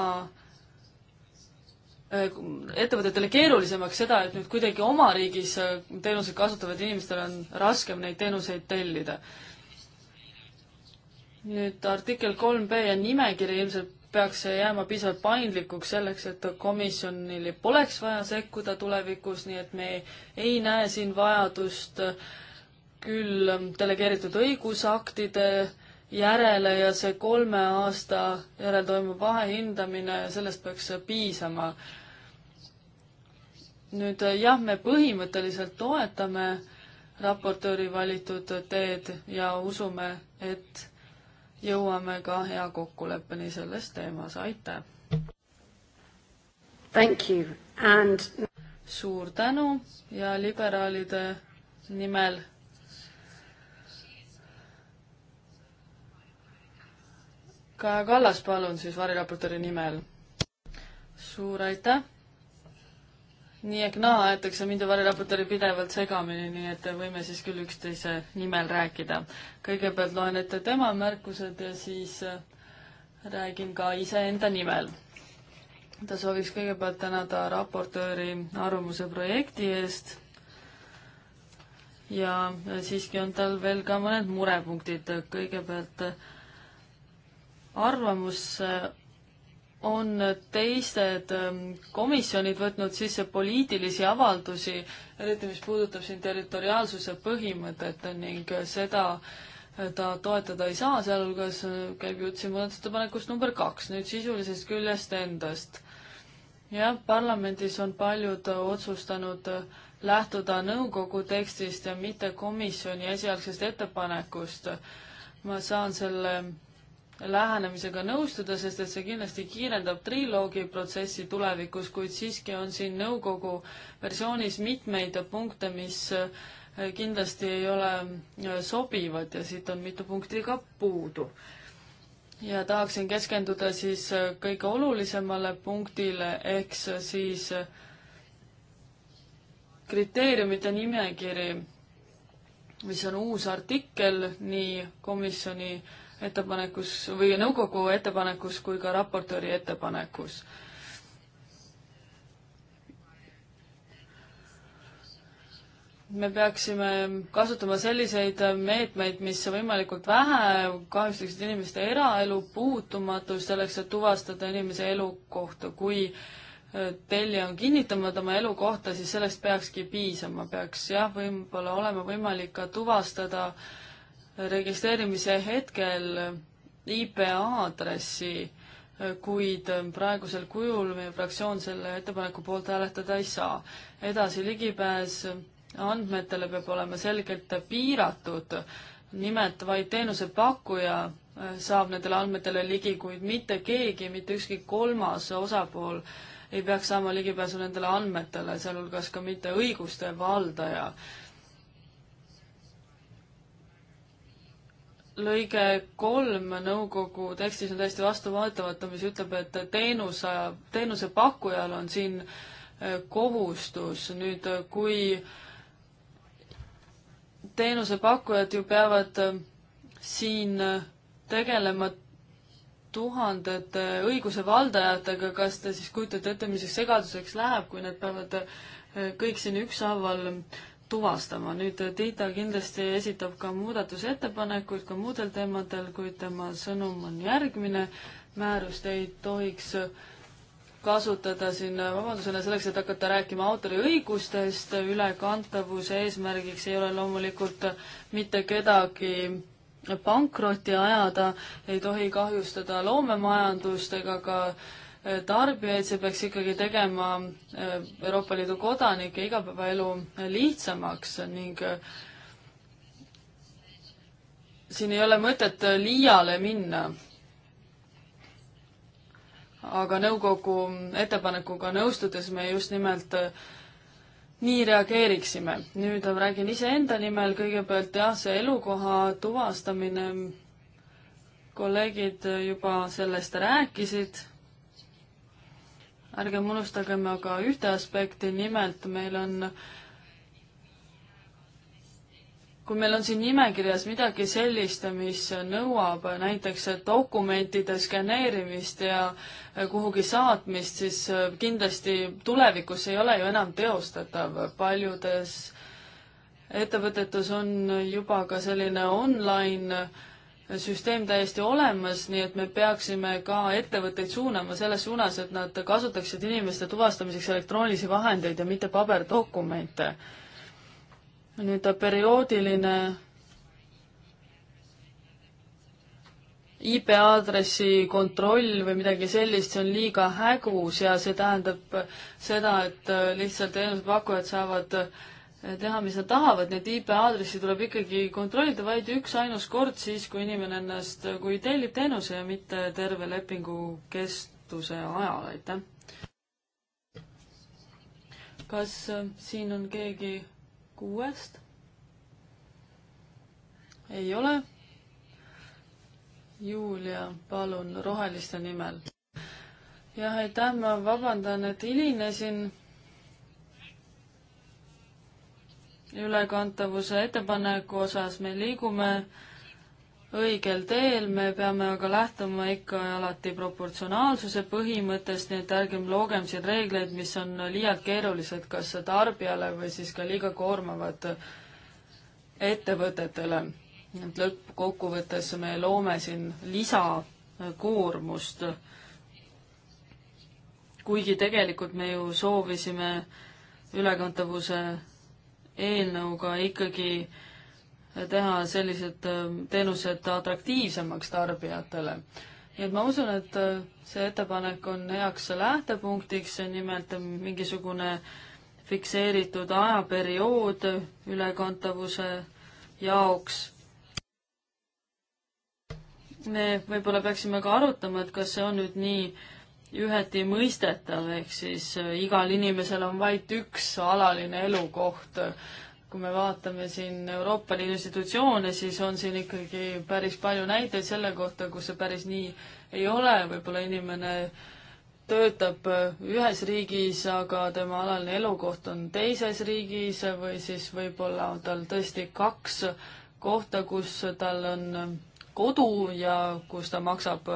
äh, ettevõtetele keerulisemaks seda, et nüüd kuidagi oma riigis äh, teenuseid kasutavatel inimestel on raskem neid teenuseid tellida. nüüd artikkel kolm B ja nimekiri ilmselt peaks see jääma piisavalt paindlikuks selleks, et komisjonil poleks vaja sekkuda tulevikus, nii et me ei näe siin vajadust küll delegeeritud õigusaktide järele ja see kolme aasta järel toimuv vahehindamine, sellest peaks piisama. nüüd jah, me põhimõtteliselt toetame raportööri valitud teed ja usume, et jõuame ka hea kokkuleppeni selles teemas, aitäh! Thank you and suur tänu ja liberaalide nimel Kaja Kallas, palun siis variraportööri nimel. suur aitäh! nii ehk naa aetakse mind ja variraportööri pidevalt segamini, nii et võime siis küll üksteise nimel rääkida. kõigepealt loen ette tema märkused ja siis äh, räägin ka iseenda nimel. ta sooviks kõigepealt tänada raportööri arvamuse projekti eest ja siiski on tal veel ka mõned murepunktid. kõigepealt äh, arvamus äh, on teised ähm, komisjonid võtnud sisse poliitilisi avaldusi, eriti mis puudutab siin territoriaalsuse põhimõtet ning seda äh, ta toetada ei saa, sealhulgas äh, käib jutt siin muudatusettepanekust number kaks, nüüd sisulisest küljest endast. jah, parlamendis on paljud otsustanud äh, lähtuda nõukogu tekstist ja mitte komisjoni esialgsest ettepanekust. ma saan selle lähenemisega nõustuda, sest et see kindlasti kiirendab triloogi protsessi tulevikus, kuid siiski on siin nõukogu versioonis mitmeid punkte, mis äh, kindlasti ei ole äh, sobivad ja siit on mitu punkti ka puudu. ja tahaksin keskenduda siis äh, kõige olulisemale punktile, ehk siis kriteeriumite nimekiri, mis on uus artikkel nii komisjoni äh, ettepanekus või nõukogu ettepanekus kui ka raportööri ettepanekus. me peaksime kasutama selliseid meetmeid, mis võimalikult vähe kahjustaksid inimeste eraelu puutumatust, selleks et tuvastada inimese elukohta, kui äh, tellija on kinnitanud oma elukohta, siis sellest peakski piisama, peaks jah, võib-olla olema võimalik ka tuvastada äh, registreerimise hetkel IP aadressi, kuid praegusel kujul meie fraktsioon selle ettepaneku poolt hääletada ei saa. edasi, ligipääs andmetele peab olema selgelt piiratud, nimelt vaid teenusepakkuja saab nendele andmetele ligi, kuid mitte keegi, mitte ükski kolmas osapool ei peaks saama ligipääsu nendele andmetele, sealhulgas ka mitte õiguste valdaja. lõige kolm nõukogu tekstis on täiesti vastuvaatamatu, mis ütleb, et teenuse, teenusepakkujal on siin äh, kohustus nüüd, kui teenusepakkujad ju peavad äh, siin äh, tegelema tuhandete õiguse valdajatega, kas te siis kujutate ette, mis segaduseks läheb, kui nad peavad kõik siin ükshaaval tuvastama. nüüd äh, Tiita kindlasti esitab ka muudatusettepanekuid ka muudel teemadel, kuid tema sõnum on järgmine. määrust ei tohiks äh, kasutada siin äh, vabandusena selleks, et hakata rääkima autoriõigustest, ülekantavuse eesmärgiks ei ole loomulikult mitte kedagi pankrotti ajada, ei tohi kahjustada loomemajandust ega ka äh, tarbijaid, see peaks ikkagi tegema äh, Euroopa Liidu kodanike igapäevaelu äh, lihtsamaks ning äh, siin ei ole mõtet liiale minna. aga nõukogu ettepanekuga nõustudes me just nimelt nii reageeriksime. nüüd räägin iseenda nimel, kõigepealt jah, see elukoha tuvastamine, kolleegid juba sellest rääkisid ärgem unustagem aga ühte aspekti, nimelt meil on, kui meil on siin nimekirjas midagi sellist, mis nõuab näiteks dokumentide skaneerimist ja kuhugi saatmist, siis kindlasti tulevikus ei ole ju enam teostatav paljudes ettevõtetes on juba ka selline online süsteem täiesti olemas, nii et me peaksime ka ettevõtteid suunama selles suunas, et nad kasutaksid inimeste tuvastamiseks elektroonilisi vahendeid ja mitte paberdokumente. nüüd perioodiline IP-aadressi kontroll või midagi sellist, see on liiga hägus ja see tähendab seda, et lihtsalt teenusepakkujad saavad äh, teha, mis nad tahavad, neid IP aadressi tuleb ikkagi kontrollida vaid üks-ainus kord siis, kui inimene ennast, kui tellib teenuse ja mitte terve lepingu kestuse ajal, aitäh. kas äh, siin on keegi kuuest? ei ole? Julia, palun, roheliste nimel. jah, aitäh, ma vabandan, et hilinesin ülekantavuse ettepaneku osas me liigume õigel teel, me peame aga lähtuma ikka alati proportsionaalsuse põhimõttest, nii et ärgem loogem siin reegleid, mis on liialt keerulised kas tarbijale või siis ka liiga koormavad ettevõtetele. et lõppkokkuvõttes me loome siin lisakoormust. kuigi tegelikult me ju soovisime ülekantavuse eelnõuga ikkagi teha sellised äh, teenused atraktiivsemaks tarbijatele. nii et ma usun, et äh, see ettepanek on heaks lähtepunktiks, nimelt mingisugune fikseeritud ajaperiood ülekantavuse jaoks. me võib-olla peaksime ka arutama, et kas see on nüüd nii äh, üheti mõistetav, ehk siis äh, igal inimesel on vaid üks alaline elukoht. kui me vaatame siin Euroopa Liidu institutsioone, siis on siin ikkagi päris palju näiteid selle kohta, kus see päris nii ei ole, võib-olla inimene töötab äh, ühes riigis, aga tema alaline elukoht on teises riigis või siis võib-olla on tal tõesti kaks kohta, kus tal on äh, kodu ja kus ta maksab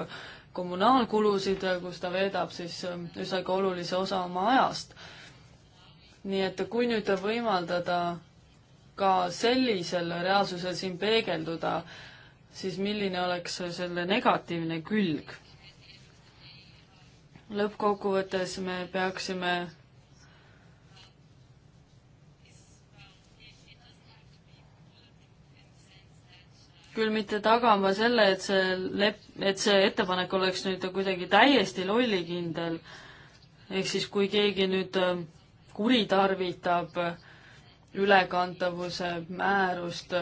kommunaalkulusid, kus ta veedab siis äh, üsnagi olulise osa oma ajast. nii et kui nüüd võimaldada ka sellisel reaalsusel siin peegelduda, siis milline oleks selle negatiivne külg? lõppkokkuvõttes me peaksime küll mitte tagama selle, et see lep-, et see ettepanek oleks nüüd kuidagi täiesti lollikindel. ehk siis, kui keegi nüüd äh, kuritarvitab ülekantavuse määrust,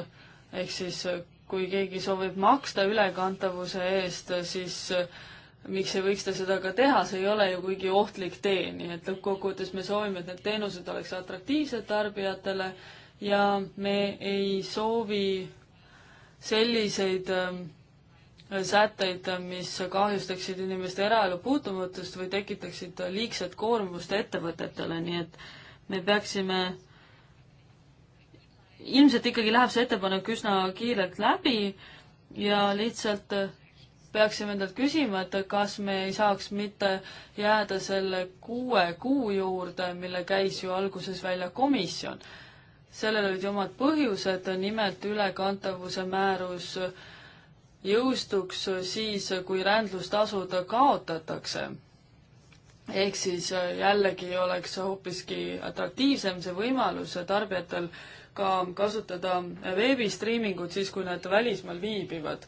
ehk siis äh, kui keegi soovib maksta ülekantavuse eest, äh, siis miks ei võiks ta seda ka teha, see ei ole ju kuigi ohtlik tee, nii et lõppkokkuvõttes me soovime, et need teenused oleks atraktiivsed tarbijatele ja me ei soovi selliseid ähm, sätteid, mis kahjustaksid inimeste eraelu puutumatust või tekitaksid liigset koormust ettevõtetele, nii et me peaksime, ilmselt ikkagi läheb see ettepanek üsna kiirelt läbi ja lihtsalt peaksime endalt küsima, et kas me ei saaks mitte jääda selle kuue kuu juurde, mille käis ju alguses välja komisjon sellel olid omad põhjused, nimelt ülekantavuse määrus jõustuks siis, kui rändlustasud kaotatakse. ehk siis jällegi oleks hoopiski atraktiivsem see võimalus tarbijatel ka kasutada veebistriimingut siis, kui nad välismaal viibivad.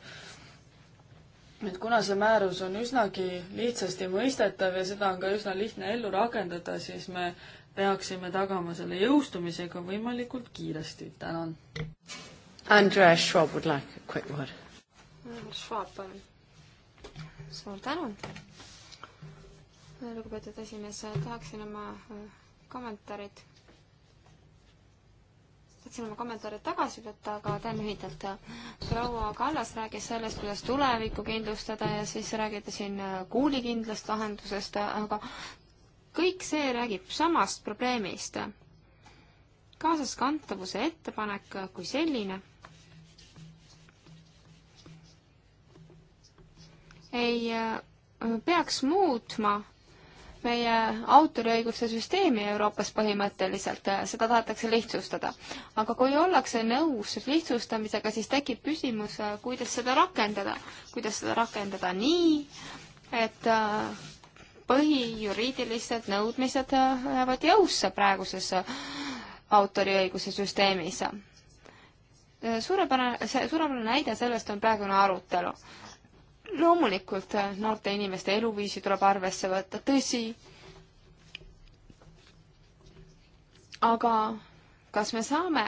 et kuna see määrus on üsnagi lihtsasti mõistetav ja seda on ka üsna lihtne ellu rakendada, siis me peaksime tagama selle jõustumisega võimalikult kiiresti. tänan. Andreas Schwab would like a quick word. Schwab, palun. suur tänu. lugupeetud esimees, tahaksin oma äh, kommentaarid, tahtsin oma kommentaarid tagasi võtta, aga teen lühidalt. proua Kallas rääkis sellest, kuidas tulevikku kindlustada ja siis räägite siin äh, kuulikindlast lahendusest, aga kõik see räägib samast probleemist. kaasaskantavuse ettepanek kui selline ei äh, peaks muutma meie autoriõiguste süsteemi Euroopas põhimõtteliselt, seda tahetakse lihtsustada. aga kui ollakse nõus lihtsustamisega, siis tekib küsimus, äh, kuidas seda rakendada. kuidas seda rakendada nii, et äh, põhijuriidilised nõudmised äh, lähevad jõusse praeguses äh, autoriõiguse süsteemis. Äh, suurepärane, see suurepärane näide sellest on praegune arutelu. loomulikult noorte inimeste eluviisi tuleb arvesse võtta, tõsi, aga kas me saame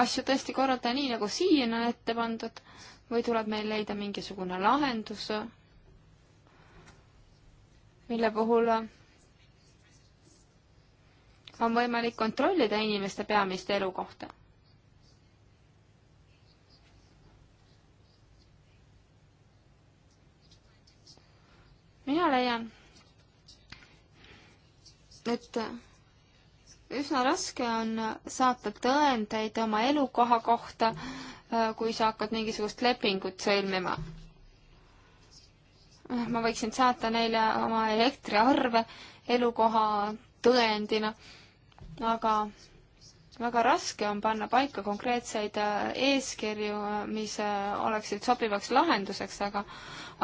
asju tõesti korraldada nii, nagu siiani on ette pandud või tuleb meil leida mingisugune lahendus mille puhul on võimalik kontrollida inimeste peamist elukohta. mina leian, et üsna raske on saata tõendeid oma elukoha kohta, kui sa hakkad mingisugust lepingut sõlmima Noh, ma võiksin saata neile oma elektriarve elukoha tõendina, aga väga raske on panna paika konkreetseid äh, eeskirju, äh, mis äh, oleksid sobivaks lahenduseks, aga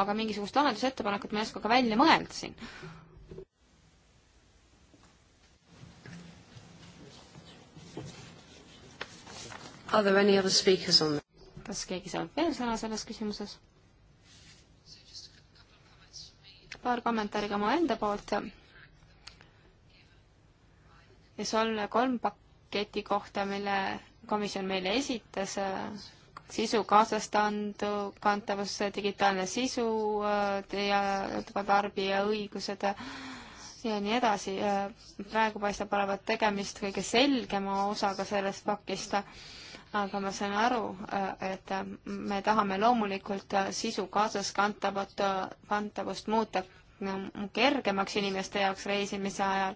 aga mingisugust lahendusettepanekut ma ei oska ka välja mõelda siin. kas keegi saab veel sõna selles küsimuses? paar kommentaari ka omaenda poolt. ja Solve kolm paketi kohta, mille komisjon meile esitas, sisu kaasastandu, kantavus, digitaalne sisu äh, ja tarbija õigused ja nii edasi. Äh, praegu paistab olevat tegemist kõige selgema osaga sellest pakist aga ma saan aru, äh, et äh, me tahame loomulikult äh, sisu kaasas kantavat, kantavust muuta kergemaks inimeste jaoks reisimise ajal.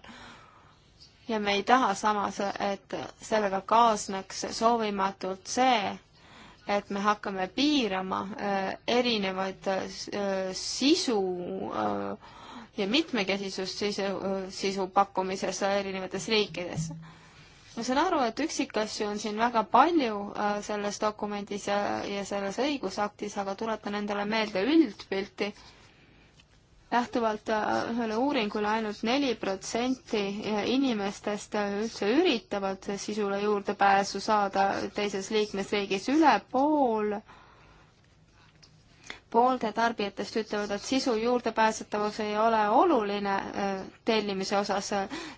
ja me ei taha samas, et sellega kaasneks soovimatult see, et me hakkame piirama erinevaid sisu ja mitmekesisust sisu, sisu pakkumises erinevates riikides ma saan aru, et üksikasju on siin väga palju äh, selles dokumendis ja, ja selles õigusaktis, aga tuletan endale meelde üldpilti. lähtuvalt äh, ühele uuringule ainult neli protsenti äh, inimestest üldse üritavad sisule juurdepääsu saada teises liikmesriigis, üle pool äh, poolde tarbijatest ütlevad, et sisu juurdepääsetavus ei ole oluline äh, tellimise osas,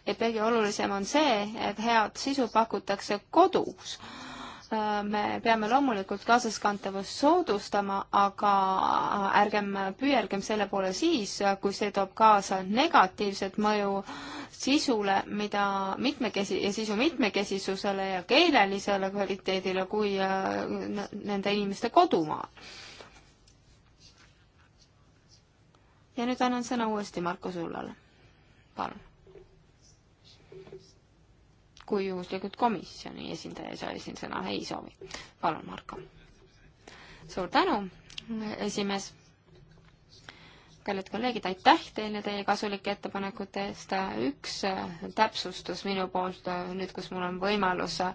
et kõige olulisem on see, et head sisu pakutakse kodus. Äh, me peame loomulikult kaasaskantavust soodustama, aga ärgem püüelgem selle poole siis, kui see toob kaasa negatiivset mõju sisule, mida mitmekesi, sisu mitmekesisusele ja keelelisele kvaliteedile kui äh, nende inimeste kodumaal ja nüüd annan sõna uuesti Marko Sullale. palun. kui juhuslikult komisjoni esindaja ei saa siin sõna, ei soovi. palun, Marko. suur tänu, esimees. kallid kolleegid, aitäh teile teie kasulike ettepanekute eest. üks täpsustus minu poolt nüüd, kus mul on võimalus äh,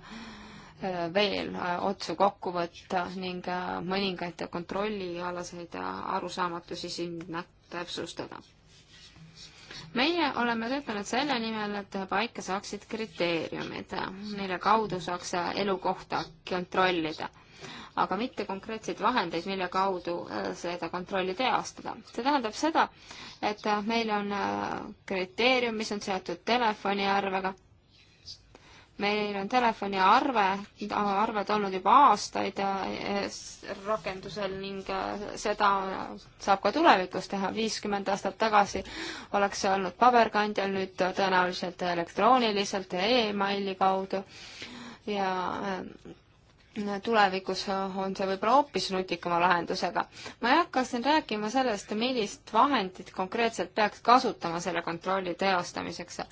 veel äh, otsu kokku võtta ning äh, mõningaid kontrollialaseid arusaamatusi siin täpsustada. meie oleme töötanud selle nimel, et paika saaksid kriteeriumid, mille kaudu saaks elukohta kontrollida aga mitte konkreetseid vahendeid, mille kaudu äh, seda kontrolli teostada. see tähendab seda, et meil on äh, kriteerium, mis on seotud telefoniarvega meil on telefoniarve, arved olnud juba aastaid eh, rakendusel ning eh, seda saab ka tulevikus teha. viiskümmend aastat tagasi oleks see olnud paberkandjal, nüüd tõenäoliselt elektrooniliselt ja emaili kaudu ja eh, tulevikus on see võib-olla hoopis nutikama lahendusega. ma ei hakka siin rääkima sellest, millist vahendit konkreetselt peaks kasutama selle kontrolli teostamiseks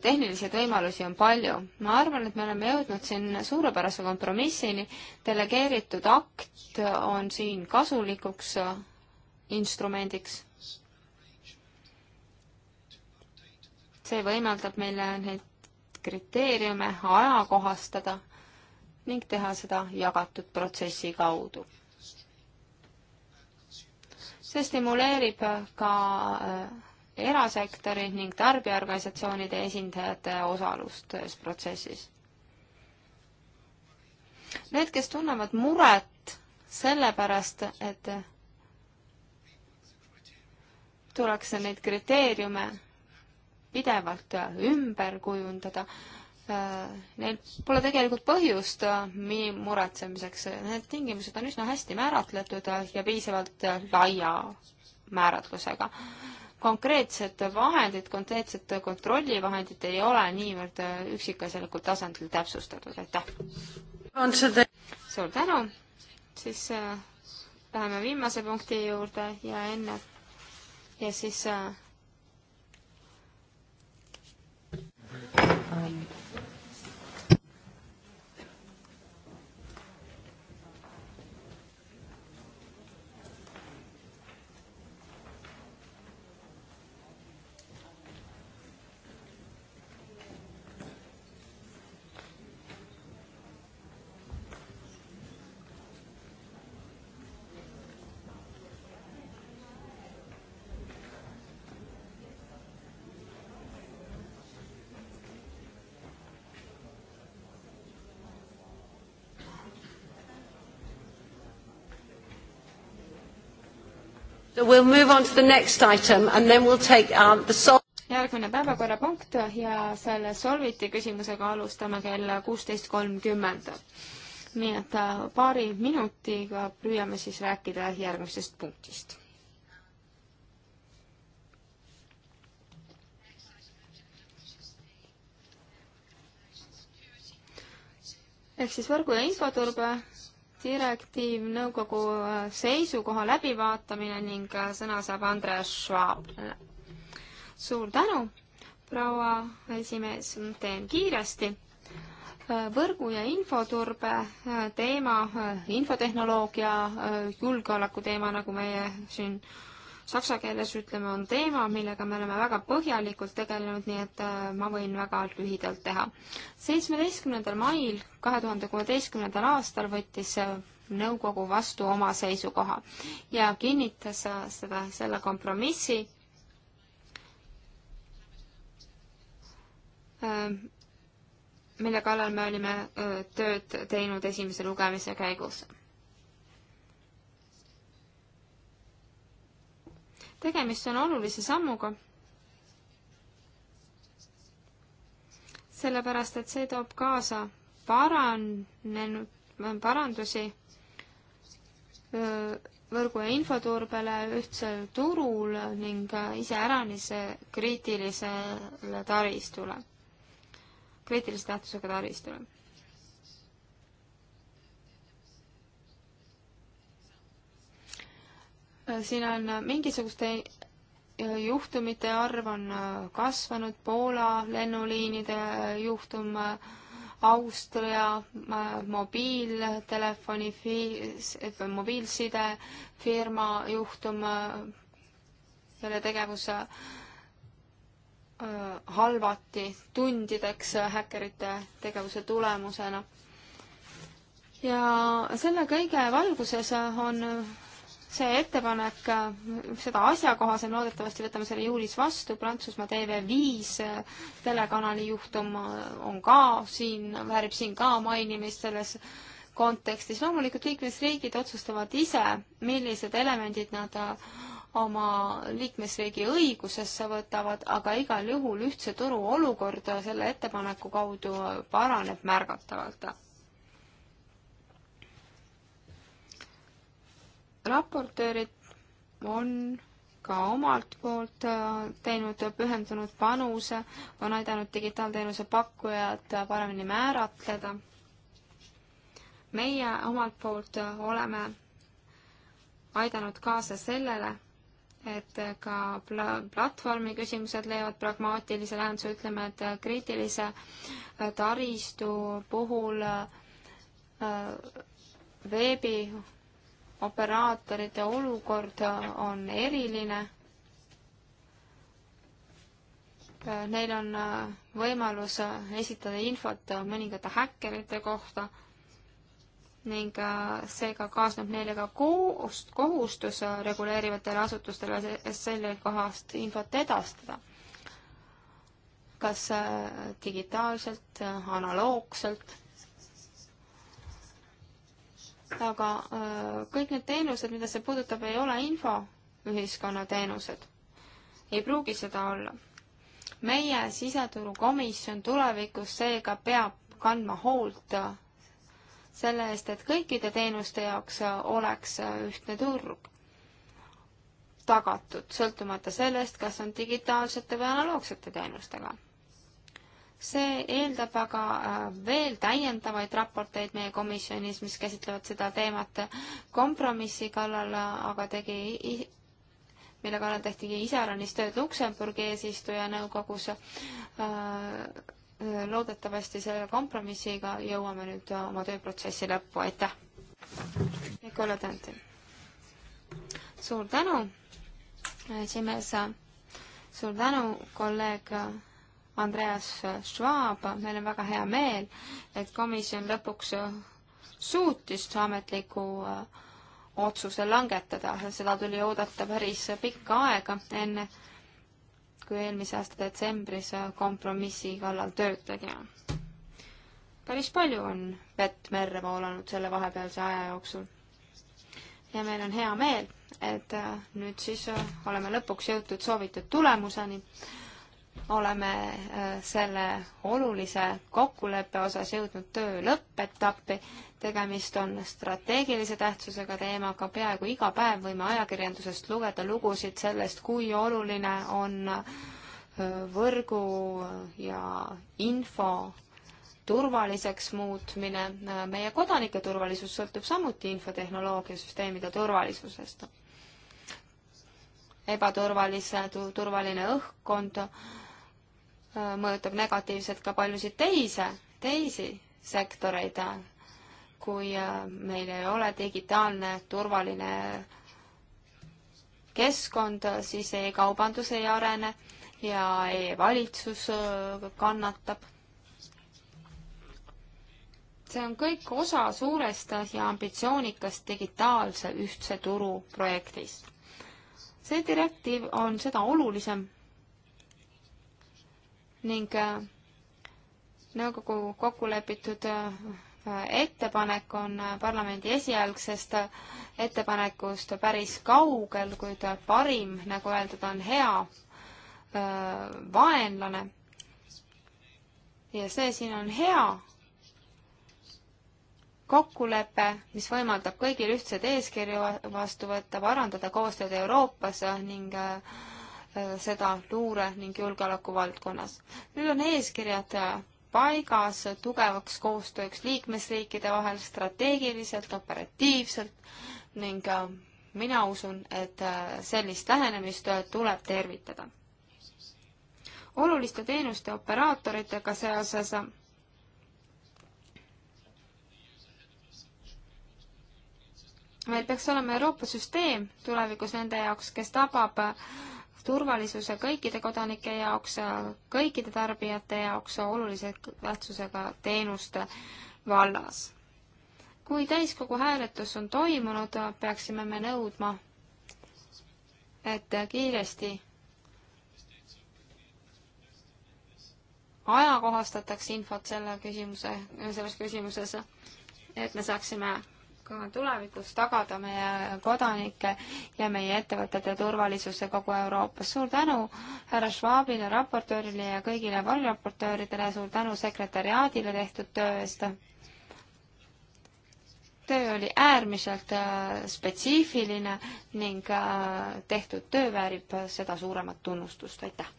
tehnilisi võimalusi on palju. ma arvan, et me oleme jõudnud siin suurepärase kompromissini, delegeeritud akt on siin kasulikuks instrumendiks. see võimaldab meile neid kriteeriume ajakohastada ning teha seda jagatud protsessi kaudu. see stimuleerib ka äh, erasektori ning tarbijaorganisatsioonide esindajate osalust selles protsessis. Need, kes tunnevad muret sellepärast, et tuleks neid kriteeriume pidevalt ümber kujundada, neil pole tegelikult põhjust nii muretsemiseks, need tingimused on üsna hästi määratletud ja piisavalt laia määratlusega konkreetsed vahendid, konkreetsed kontrollivahendid ei ole niivõrd äh, üksikasjalikul tasandil täpsustatud, aitäh! suur tänu, siis äh, läheme viimase punkti juurde ja enne ja siis äh, um We'll move on to the next item and then we'll take um, the sol- järgmine päevakorrapunkt ja selle solviti küsimusega alustame kell kuusteist kolmkümmend. nii et äh, paari minutiga püüame siis rääkida järgmisest punktist. ehk siis võrgu- ja infoturbe direktiiv nõukogu äh, seisukoha läbivaatamine ning äh, sõna saab Andreas Schwab. suur tänu, proua esimees, teen kiiresti. Äh, võrgu- ja infoturbe teema, infotehnoloogia, julgeoleku teema, nagu meie siin saksa keeles ütleme, on teema, millega me oleme väga põhjalikult tegelenud, nii et äh, ma võin väga lühidalt teha. seitsmeteistkümnendal mail kahe tuhande kuueteistkümnendal aastal võttis äh, nõukogu vastu oma seisukoha ja kinnitas äh, seda, selle kompromissi mille kallal me olime tööd teinud esimese lugemise käigus. tegemist on olulise sammuga, sellepärast et see toob kaasa paranenud, parandusi võrgu- ja infoturbele, ühtsel turul ning iseäranise kriitilisele taristule, kriitilise tähtsusega taristule siin on äh, mingisuguste äh, juhtumite arv on äh, kasvanud, Poola lennuliinide juhtum, Austria mobiiltelefoni, mobiilsidefirma juhtum, selle tegevus halvati tundideks häkkerite tegevuse tulemusena. ja selle kõige valguses on see ettepanek, seda asjakohasem, loodetavasti võtame selle juulis vastu, Prantsusmaa TV5 telekanali juhtum on ka siin, väärib siin ka mainimist selles kontekstis. loomulikult liikmesriigid otsustavad ise, millised elemendid nad oma liikmesriigi õigusesse võtavad, aga igal juhul ühtse turu olukord selle ettepaneku kaudu paraneb märgatavalt raportöörid on ka omalt poolt äh, teinud pühendunud panuse, on aidanud digitaalteenuse pakkujad paremini määratleda. meie omalt poolt oleme aidanud kaasa sellele, et ka platvormi küsimused leiavad pragmaatilise lahenduse, ütleme, et kriitilise taristu puhul äh, veebi operaatorite olukord on eriline. Neil on võimalus esitada infot mõningate häkkerite kohta ning äh, seega kaasneb neile ka kohust, kohustus reguleerivatele asutustele selle kohast infot edastada. kas äh, digitaalselt, äh, analoogselt aga äh, kõik need teenused, mida see puudutab, ei ole infoühiskonna teenused. ei pruugi seda olla. meie siseturukomisjon tulevikus seega peab kandma hoolt äh, selle eest, et kõikide teenuste jaoks äh, oleks ühtne turg tagatud, sõltumata sellest, kas on digitaalsete või analoogsete teenustega see eeldab aga äh, veel täiendavaid raporteid meie komisjonis, mis käsitlevad seda teemat kompromissi kallal, aga tegi, mille kallal tehti iseäranis tööd Luksemburgi eesistuja nõukogus. Äh, loodetavasti selle kompromissiga jõuame nüüd oma tööprotsessi lõppu, aitäh! Nikola Tantin. suur tänu, esimees, suur tänu, kolleeg Andreas Schwab, meil on väga hea meel, et komisjon lõpuks suutis ametliku äh, otsuse langetada, seda tuli oodata päris pikka aega, enne kui eelmise aasta detsembris kompromissi kallal tööd tegime. päris palju on vett merre voolanud selle vahepealse aja jooksul. ja meil on hea meel, et äh, nüüd siis äh, oleme lõpuks jõutud soovitud tulemuseni oleme äh, selle olulise kokkuleppe osas jõudnud töö lõppetappi. tegemist on strateegilise tähtsusega teemaga, peaaegu iga päev võime ajakirjandusest lugeda lugusid sellest, kui oluline on äh, võrgu ja info turvaliseks muutmine. Äh, meie kodanike turvalisus sõltub samuti infotehnoloogiasüsteemide turvalisusest. ebaturvalise, turvaline õhkkond mõjutab negatiivselt ka paljusid teise, teisi sektoreid, kui äh, meil ei ole digitaalne turvaline keskkond, siis e-kaubandus ei arene ja e-valitsus äh, kannatab. see on kõik osa suurest ja ambitsioonikast digitaalse ühtse turu projektist. see direktiiv on seda olulisem, ning äh, nõukogu kokku lepitud äh, ettepanek on äh, parlamendi esialgsest ettepanekust päris kaugel, kuid parim, nagu öeldud, on hea vaenlane. ja see siin on hea kokkulepe, mis võimaldab kõigil ühtseid eeskirju vastu võtta, parandada koostööd Euroopas ning äh, Äh, seda luure ning julgeoleku valdkonnas. nüüd on eeskirjad äh, paigas tugevaks koostööks liikmesriikide vahel strateegiliselt, operatiivselt ning äh, mina usun, et sellist lähenemist tuleb tervitada. oluliste teenuste operaatoritega seoses meil peaks olema Euroopa süsteem tulevikus nende jaoks, kes tabab turvalisuse kõikide kodanike jaoks, kõikide tarbijate jaoks olulise tähtsusega teenuste vallas. kui täiskogu hääletus on toimunud, peaksime me nõudma, et kiiresti ajakohastatakse infot selle küsimuse, selles küsimuses, et me saaksime ka tulevikus tagada meie kodanike ja meie ettevõtete turvalisuse kogu Euroopas. suur tänu härra Schwabile, raportöörile ja kõigile valraportööridele, suur tänu sekretäriaadile tehtud töö eest. töö oli äärmiselt äh, spetsiifiline ning äh, tehtud töö väärib seda suuremat tunnustust, aitäh!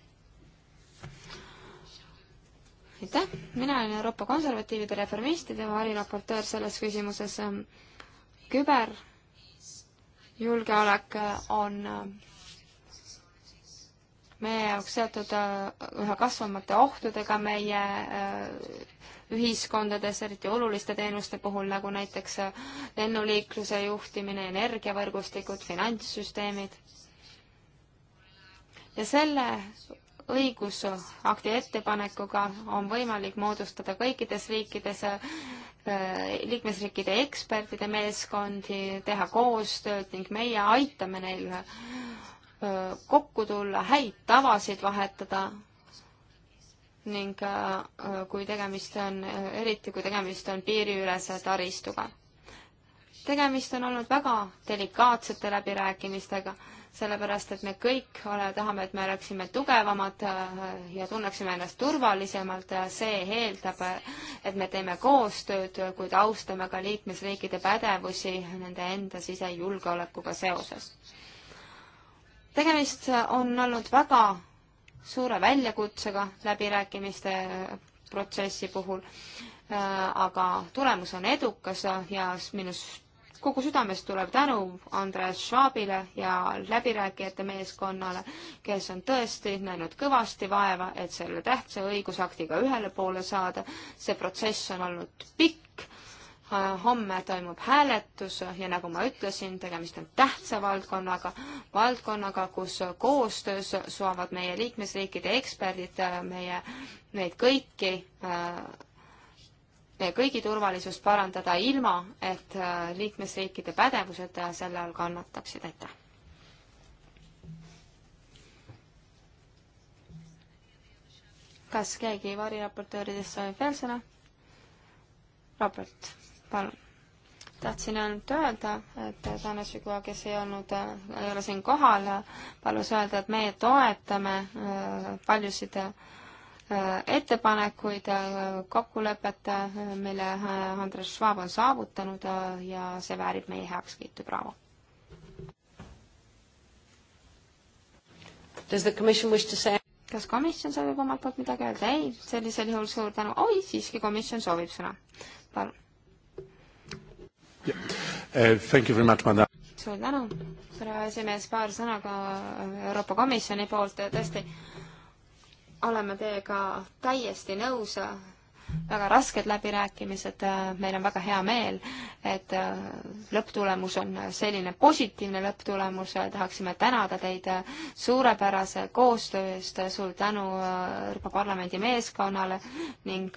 aitäh, mina olen Euroopa Konservatiivide Reformistide variraportöör selles küsimuses küberjulgeolek on meie jaoks seotud äh, üha kasvavate ohtudega meie äh, ühiskondades, eriti oluliste teenuste puhul, nagu näiteks äh, lennuliikluse juhtimine, energiavõrgustikud, finantssüsteemid. ja selle õigusakti ettepanekuga on võimalik moodustada kõikides riikides Äh, liikmesriikide ekspertide meeskondi, teha koostööd ning meie aitame neil äh, kokku tulla, häid tavasid vahetada ning äh, kui tegemist on, eriti kui tegemist on piiriülese taristuga tegemist on olnud väga delikaatsete läbirääkimistega, sellepärast et me kõik ole, tahame, et me oleksime tugevamad äh, ja tunneksime ennast turvalisemalt. see eeldab, et me teeme koostööd, kuid austame ka liikmesriikide pädevusi nende enda sisejulgeolekuga seoses. tegemist on olnud väga suure väljakutsega läbirääkimiste äh, protsessi puhul äh, aga tulemus on edukas ja minu kogu südamest tulev tänu Andres Schwabile ja läbirääkijate meeskonnale, kes on tõesti näinud kõvasti vaeva, et selle tähtsa õigusaktiga ühele poole saada. see protsess on olnud pikk, homme toimub hääletus ja nagu ma ütlesin, tegemist on tähtsa valdkonnaga, valdkonnaga, kus koostöös saavad meie liikmesriikide eksperdid meie, neid kõiki äh, meie kõigi turvalisust parandada, ilma et äh, liikmesriikide pädevused selle all kannataksid, aitäh! kas keegi variraportööridest soovib veel sõna? Robert, palun. tahtsin ainult öelda, et Tanel Sügva, kes ei olnud, äh, ei ole siin kohal, palus öelda, et meie toetame äh, paljusid äh, Äh, ettepanekuid, äh, kokkulepet, äh, mille Andres Schwab on saavutanud ja see väärib meie heakskiitu, braavo. kas komisjon soovib omalt poolt midagi öelda? ei, sellisel juhul suur tänu. oi, siiski komisjon soovib sõna. palun. Uh, thank you very much, madam. suur tänu, härra esimees, paar sõna ka Euroopa Komisjoni poolt ja tõesti oleme teiega täiesti nõus, väga rasked läbirääkimised, meil on väga hea meel, et lõpptulemus on selline positiivne lõpptulemus, tahaksime tänada teid suurepärase koostöö eest, suur tänu Euroopa Parlamendi meeskonnale ning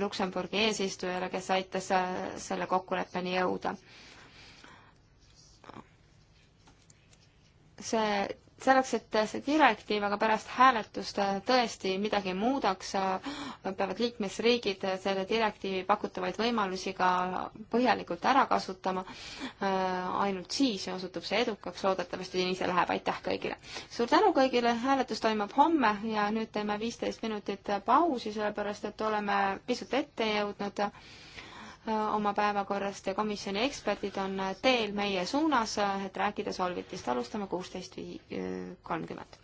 Luksemburgi eesistujale, kes aitas selle kokkuleppeni jõuda. see selleks, et see direktiiv aga pärast hääletust äh, tõesti midagi muudaks, äh, peavad liikmesriigid selle direktiivi pakutavaid võimalusi ka põhjalikult ära kasutama. Äh, ainult siis osutub see edukaks, loodetavasti nii see läheb, aitäh kõigile! suur tänu kõigile, hääletus toimub homme ja nüüd teeme viisteist minutit pausi, sellepärast et oleme pisut ette jõudnud Äh, oma päevakorrast ja komisjoni eksperdid on äh, teel meie suunas, äh, et rääkida Solvitist. alustame kuusteist kolmkümmend.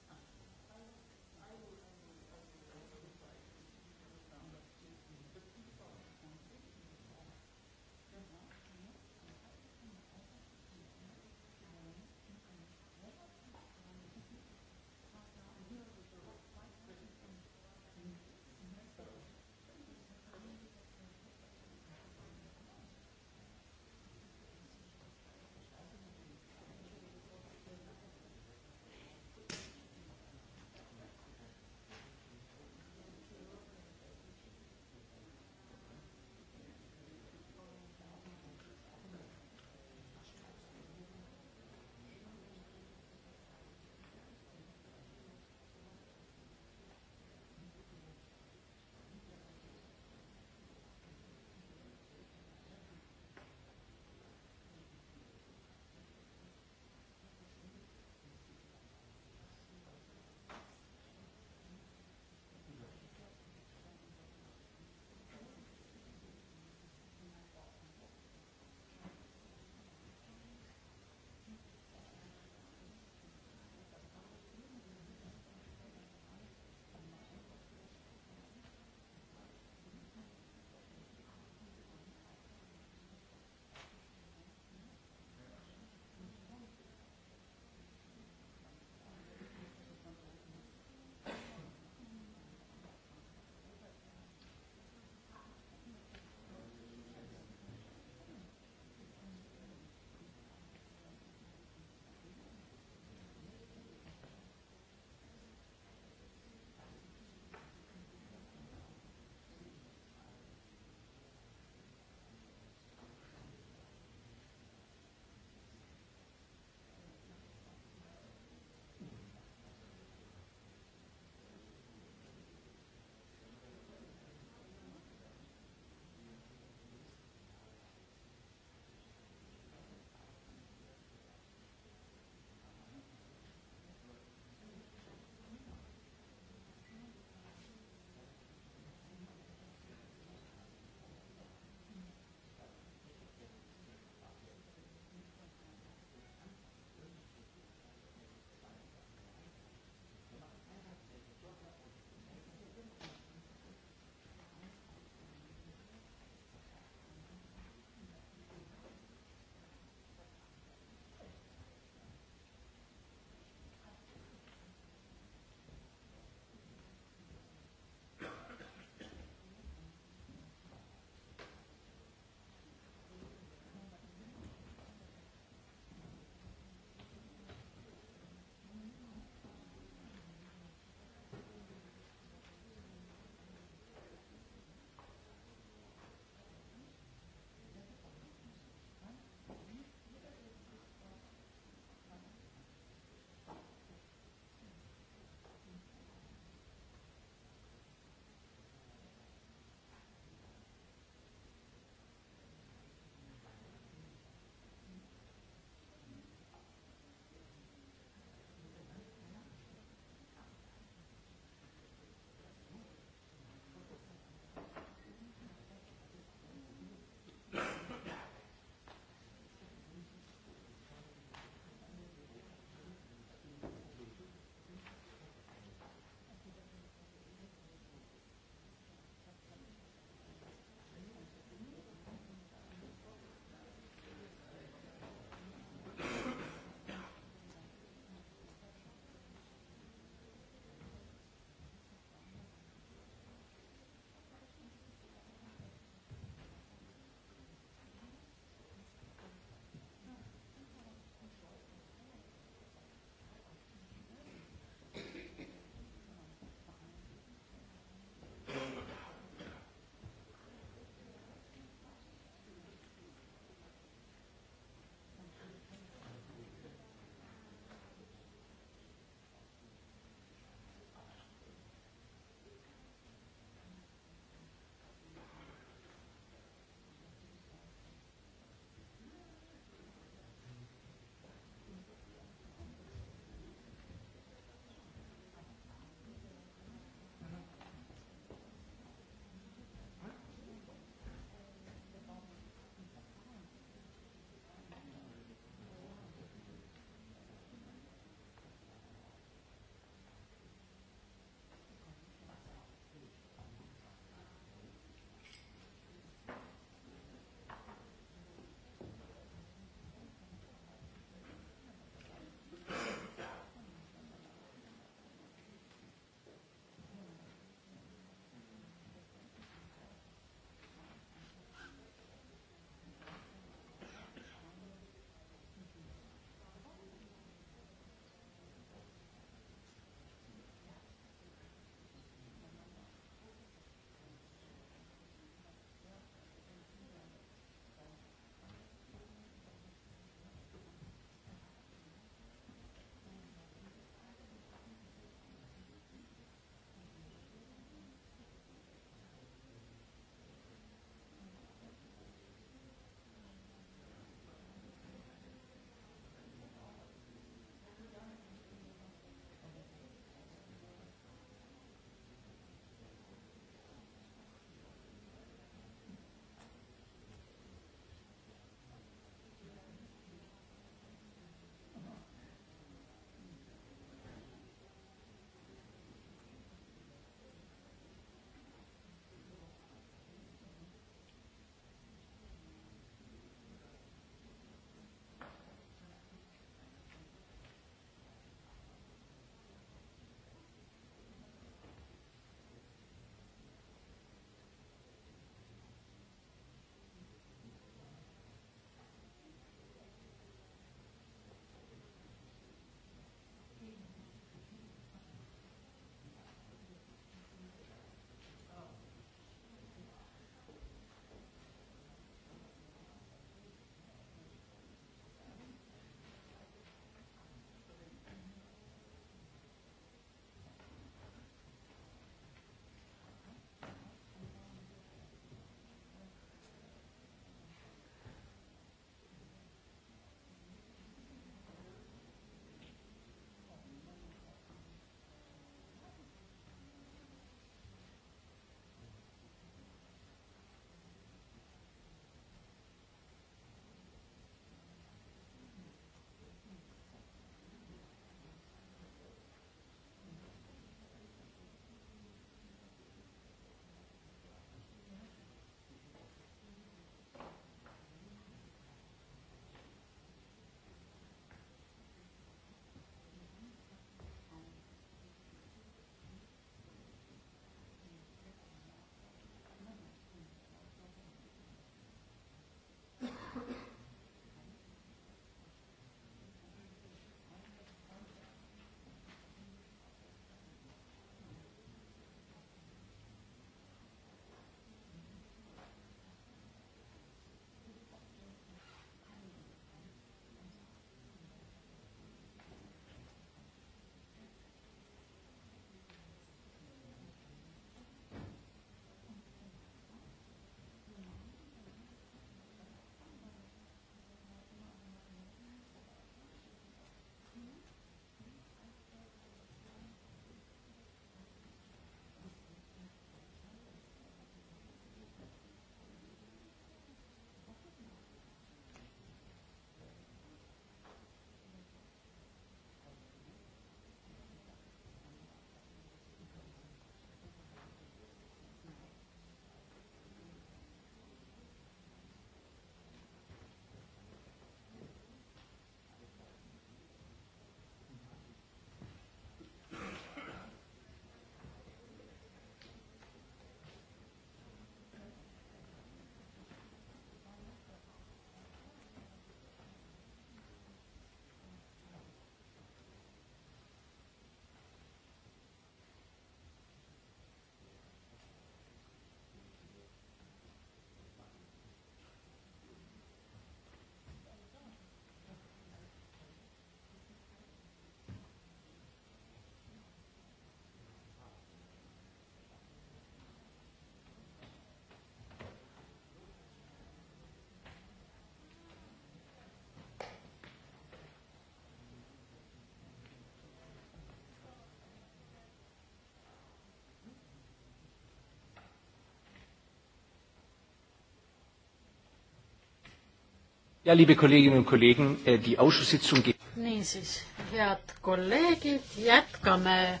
ja liebe Kolleginnen und Kollegen, äh, die Ausschusssitzung geht. niisiis, head kolleegid, jätkame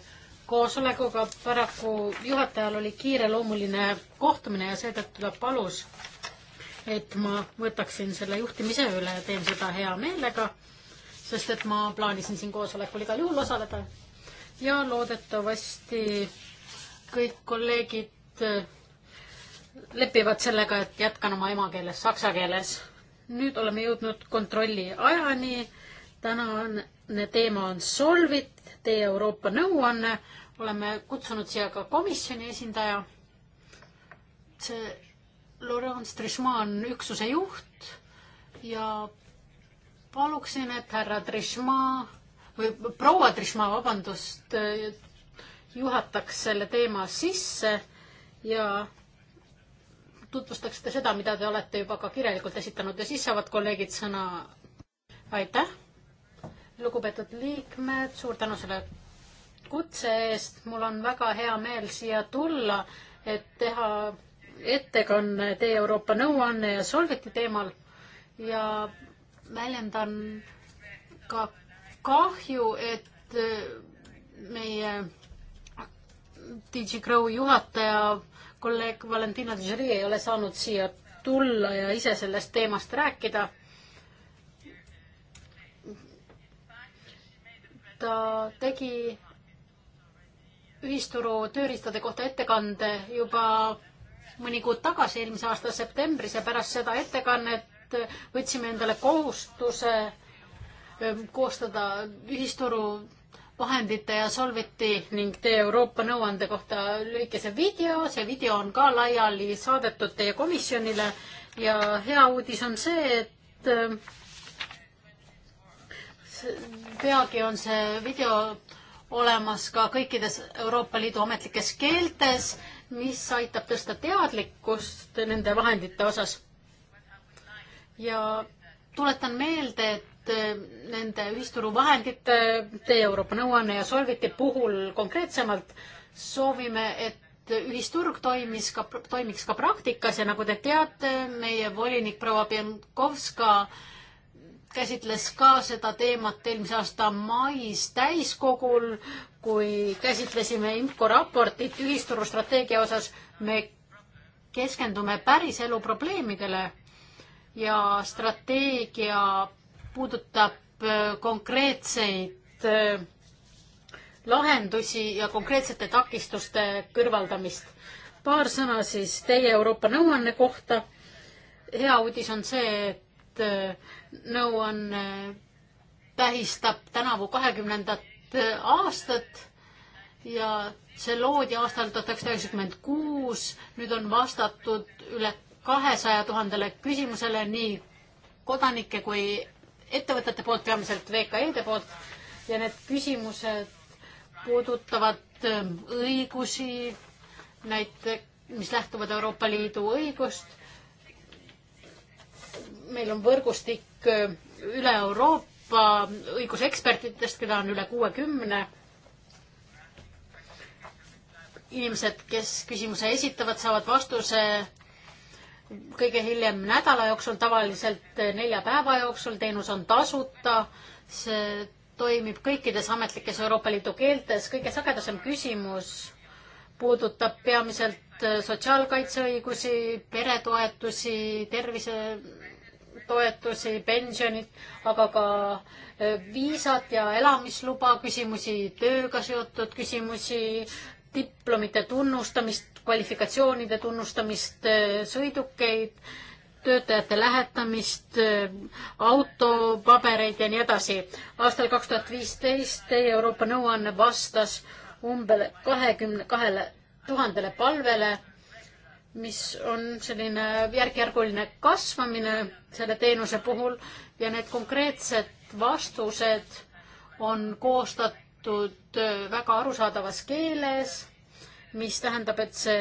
koosolekuga. paraku juhatajal oli kiireloomuline kohtumine ja seetõttu ta palus, et ma võtaksin selle juhtimise üle ja teen seda hea meelega, sest et ma plaanisin siin koosolekul igal juhul osaleda. ja loodetavasti kõik kolleegid äh, lepivad sellega, et jätkan oma emakeeles, saksa keeles nüüd oleme jõudnud kontrolli ajani. tänane teema on Solvit, teie Euroopa nõuanne. oleme kutsunud siia ka komisjoni esindaja. see Laurent Strichmaa on üksuse juht ja paluksin, et härra Strichmaa või proua Strichmaa, vabandust, juhataks selle teema sisse ja tutvustaksite seda, mida te olete juba ka kirjalikult esitanud ja siis saavad kolleegid sõna. aitäh, lugupeetud liikmed, suur tänu selle kutse eest. mul on väga hea meel siia tulla, et teha ettekanne Tee Euroopa nõuanne ja Solveti teemal ja väljendan ka kahju, et meie DigiGrow juhataja kolleeg Valentina Žiri ei ole saanud siia tulla ja ise sellest teemast rääkida. ta tegi ühisturu tööriistade kohta ettekande juba mõni kuud tagasi, eelmise aasta septembris ja pärast seda ettekannet võtsime endale kohustuse ähm, koostada ühisturu vahendite ja Solviti ning tee Euroopa nõuande kohta lühikese video. see video on ka laiali saadetud teie komisjonile ja hea uudis on see, et äh, peagi on see video olemas ka kõikides Euroopa Liidu ametlikes keeltes, mis aitab tõsta teadlikkust nende vahendite osas. ja tuletan meelde, et Eh, nende ühisturu vahendite, tee Euroopa nõuanne ja Solviti puhul konkreetsemalt soovime, et ühisturg toimis ka, toimiks ka praktikas ja nagu te teate, meie volinik proua Pienkovska käsitles ka seda teemat eelmise aasta mais täiskogul, kui käsitlesime IMCO raportit ühisturustrateegia osas. me keskendume päriselu probleemidele ja strateegia puudutab äh, konkreetseid äh, lahendusi ja konkreetsete takistuste kõrvaldamist. paar sõna siis teie Euroopa nõuanne kohta. hea uudis on see, et äh, nõuanne tähistab tänavu kahekümnendat aastat ja see loodi aastal tuhat üheksasada üheksakümmend kuus. nüüd on vastatud üle kahesaja tuhandele küsimusele nii kodanike kui ettevõtete poolt, peamiselt VKE-de poolt ja need küsimused puudutavad ähm, õigusi, näiteks, mis lähtuvad Euroopa Liidu õigust. meil on võrgustik ähm, üle Euroopa õigusekspertidest, keda on üle kuuekümne inimesed, kes küsimuse esitavad, saavad vastuse kõige hiljem nädala jooksul, tavaliselt nelja päeva jooksul, teenus on tasuta, see toimib kõikides ametlikes Euroopa Liidu keeltes, kõige sagedasem küsimus puudutab peamiselt äh, sotsiaalkaitseõigusi, peretoetusi, tervisetoetusi, pensionid, aga ka äh, viisat ja elamisluba küsimusi, tööga seotud küsimusi, diplomite tunnustamist, kvalifikatsioonide tunnustamist, sõidukeid, töötajate lähetamist, autopabereid ja nii edasi. aastal kaks tuhat viisteist teie Euroopa nõuanne vastas umbes kahekümne kahele tuhandele palvele, mis on selline järk-järguline kasvamine selle teenuse puhul ja need konkreetsed vastused on koostatud väga arusaadavas keeles mis tähendab, et see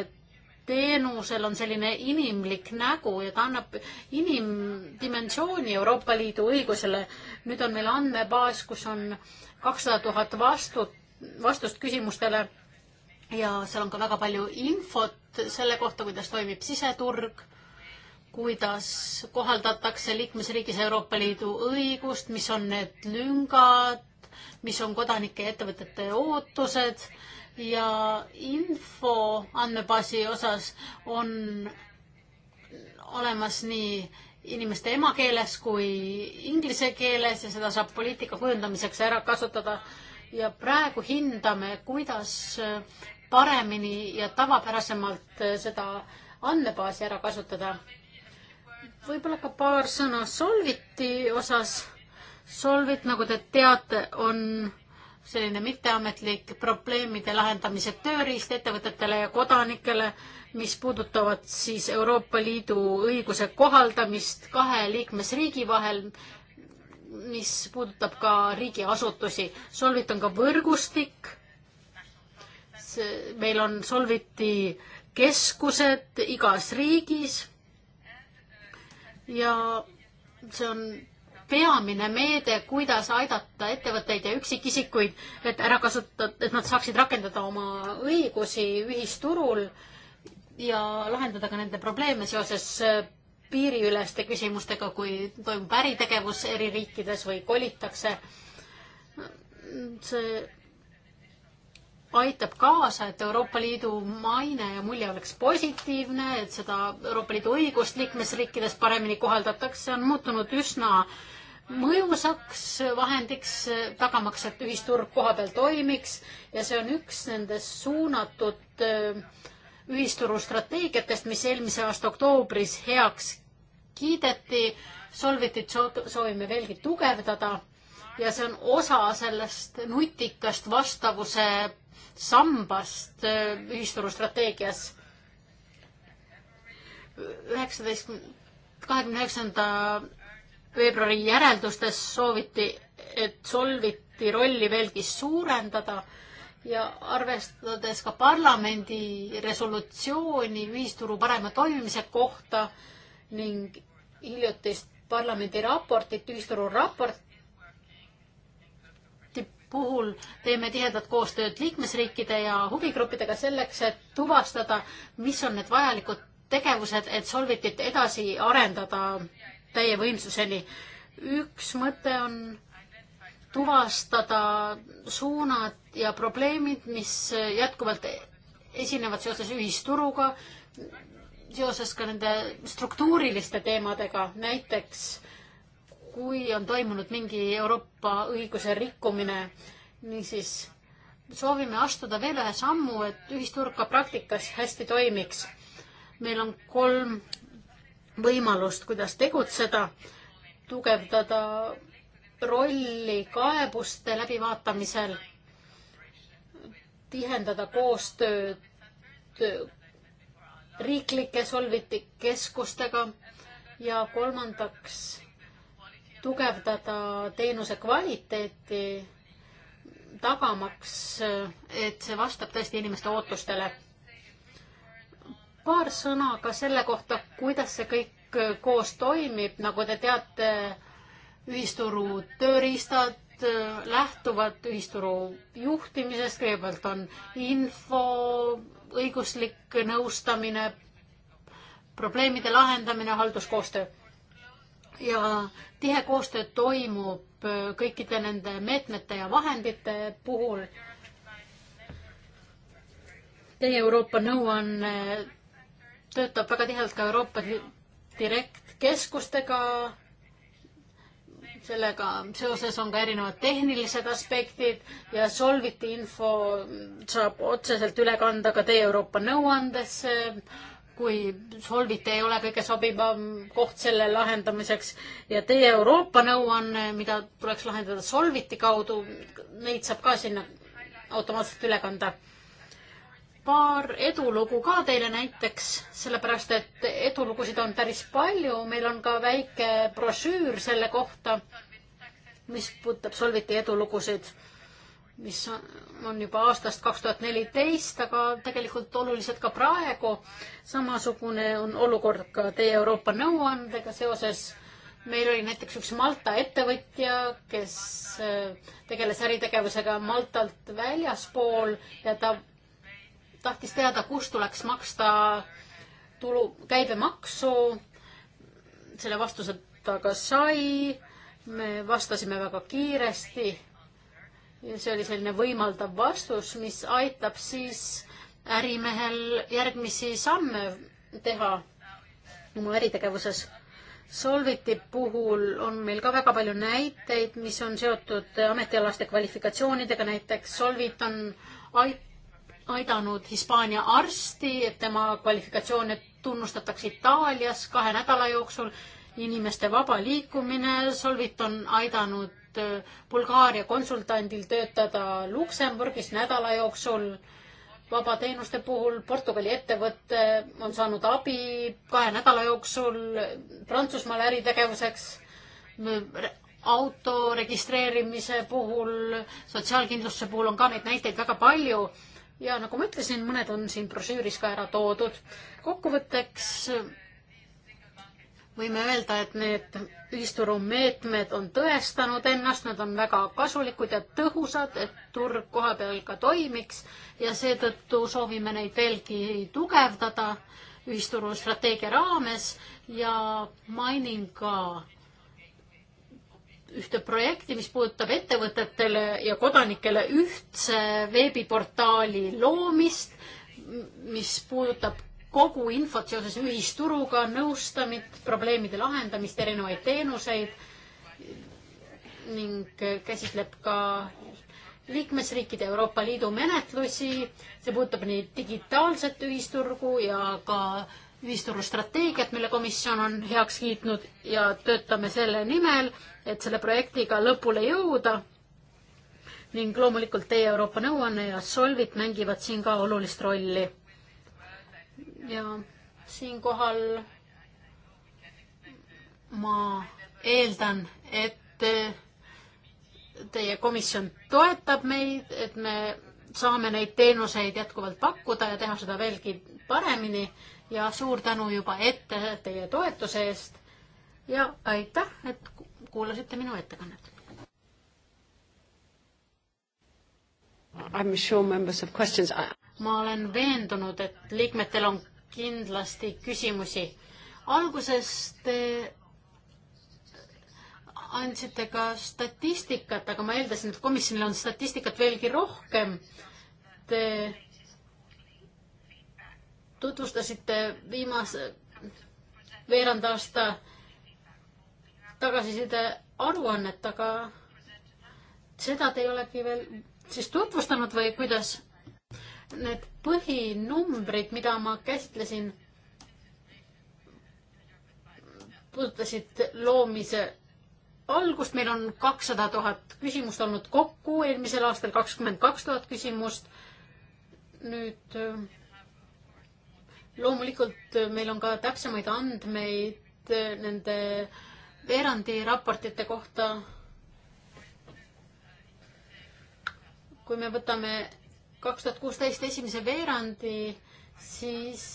teenusel on selline inimlik nägu ja ta annab inimdimensiooni Euroopa Liidu õigusele. nüüd on meil andmebaas, kus on kakssada tuhat vastu, vastust küsimustele ja seal on ka väga palju infot selle kohta, kuidas toimib siseturg, kuidas kohaldatakse liikmesriigis Euroopa Liidu õigust, mis on need lüngad, mis on kodanike ja ettevõtete ootused ja info andmebaasi osas on olemas nii inimeste emakeeles kui inglise keeles ja seda saab poliitika kujundamiseks ära kasutada. ja praegu hindame, kuidas paremini ja tavapärasemalt seda andmebaasi ära kasutada. võib-olla ka paar sõna Solviti osas. Solvit, nagu te teate, on selline mitteametlik probleemide lahendamise tööriist ettevõtetele ja kodanikele, mis puudutavad siis Euroopa Liidu õiguse kohaldamist kahe liikmesriigi vahel, mis puudutab ka riigiasutusi. Solvit on ka võrgustik, meil on Solviti keskused igas riigis ja see on peamine meede, kuidas aidata ettevõtteid ja üksikisikuid, et ära kasutada, et nad saaksid rakendada oma õigusi ühisturul ja lahendada ka nende probleeme seoses äh, piiriüleste küsimustega, kui toimub äritegevus eri riikides või kolitakse. see aitab kaasa, et Euroopa Liidu maine ja mulje oleks positiivne, et seda Euroopa Liidu õigust liikmesriikides paremini kohaldatakse, on muutunud üsna äh, mõjusaks vahendiks, tagamaks, et ühisturg kohapeal toimiks ja see on üks nendest suunatud äh, ühisturu strateegiatest, mis eelmise aasta oktoobris heaks kiideti. Solvitit soovime veelgi tugevdada ja see on osa sellest nutikast vastavuse sambast äh, ühisturu strateegias. üheksateistkümne, kahekümne üheksanda veebruari järeldustes sooviti, et solviti rolli veelgi suurendada ja arvestades ka parlamendi resolutsiooni ühisturu parema toimimise kohta ning hiljutist parlamendi raportit, ühisturu raporti puhul teeme tihedat koostööd liikmesriikide ja huvigruppidega selleks, et tuvastada, mis on need vajalikud tegevused, et Solvitit edasi arendada täie võimsuseni. üks mõte on tuvastada suunad ja probleemid, mis jätkuvalt esinevad seoses ühisturuga, seoses ka nende struktuuriliste teemadega, näiteks kui on toimunud mingi Euroopa õiguse rikkumine, niisiis soovime astuda veel ühe sammu, et ühisturg ka praktikas hästi toimiks. meil on kolm võimalust, kuidas tegutseda, tugevdada rolli kaebuste läbivaatamisel, tihendada koostööd äh, riiklike solviti keskustega ja kolmandaks tugevdada teenuse kvaliteeti, tagamaks, äh, et see vastab tõesti inimeste ootustele paar sõna ka selle kohta, kuidas see kõik äh, koos toimib, nagu te teate, ühisturu tööriistad äh, lähtuvad ühisturu juhtimisest, kõigepealt on info, õiguslik nõustamine, probleemide lahendamine, halduskoostöö. ja tihe koostöö toimub äh, kõikide nende meetmete ja vahendite puhul Teie Euroopa nõuanne töötab väga tihedalt ka Euroopa direktkeskustega. sellega seoses on ka erinevad tehnilised aspektid ja Solviti info saab otseselt üle kanda ka teie Euroopa nõuandesse kui Solvit ei ole kõige sobivam koht selle lahendamiseks ja teie Euroopa nõuanne, mida tuleks lahendada Solviti kaudu, neid saab ka sinna automaatselt üle kanda paar edulugu ka teile näiteks, sellepärast et edulugusid on päris palju, meil on ka väike brošüür selle kohta, mis puudutab Solviti edulugusid, mis on juba aastast kaks tuhat neliteist, aga tegelikult olulised ka praegu. samasugune on olukord ka teie Euroopa nõuandega seoses meil oli näiteks üks Malta ettevõtja, kes tegeles äritegevusega Maltalt väljaspool ja ta tahtis teada, kus tuleks maksta tulu, käibemaksu. selle vastuse ta ka sai. me vastasime väga kiiresti. ja see oli selline võimaldav vastus, mis aitab siis ärimehel järgmisi samme teha oma äritegevuses. Solviti puhul on meil ka väga palju näiteid, mis on seotud ametialaste kvalifikatsioonidega, näiteks Solvit on ait-, aidanud Hispaania arsti, et tema kvalifikatsioone tunnustatakse Itaalias kahe nädala jooksul. inimeste vaba liikumine, Solvit on aidanud äh, Bulgaaria konsultandil töötada Luksemburgis nädala jooksul vabateenuste puhul Portugali ettevõte on saanud abi kahe nädala jooksul Prantsusmaal äritegevuseks, auto registreerimise puhul, sotsiaalkindlustuse puhul on ka neid näiteid väga palju ja nagu ma ütlesin, mõned on siin brošüüris ka ära toodud. kokkuvõtteks võime öelda, et need ühisturumeetmed on tõestanud ennast, nad on väga kasulikud ja tõhusad, et turg koha peal ka toimiks ja seetõttu soovime neid veelgi tugevdada ühisturu strateegia raames ja mainin ka ühte projekti, mis puudutab ettevõtetele ja kodanikele ühtse veebiportaali loomist, mis puudutab kogu infot seoses ühisturuga, nõustamist, probleemide lahendamist, erinevaid teenuseid ning käsitleb ka liikmesriikide Euroopa Liidu menetlusi, see puudutab nii digitaalset ühisturgu ja ka äh, ühisturustrateegiat, mille komisjon on heaks kiitnud ja töötame selle nimel, et selle projektiga lõpule jõuda. ning loomulikult teie Euroopa Nõuanne ja Solvit mängivad siin ka olulist rolli. ja siinkohal ma eeldan, et teie komisjon toetab meid, et me saame neid teenuseid jätkuvalt pakkuda ja teha seda veelgi paremini ja suur tänu juba ette teie toetuse eest ja aitäh, et kuulasite minu ettekannet. Sure ma olen veendunud, et liikmetel on kindlasti küsimusi. alguses te andsite ka statistikat, aga ma eeldasin, et komisjonil on statistikat veelgi rohkem. Te tutvustasite viimase veerand aasta tagasiside aruannet, aga seda te ei olegi veel siis tutvustanud või kuidas? Need põhinumbrid, mida ma käsitlesin, puudutasid loomise algust, meil on kakssada tuhat küsimust olnud kokku, eelmisel aastal kakskümmend kaks tuhat küsimust. nüüd loomulikult äh, meil on ka täpsemaid andmeid äh, nende veerandi raportite kohta. kui me võtame kaks tuhat kuusteist esimese veerandi, siis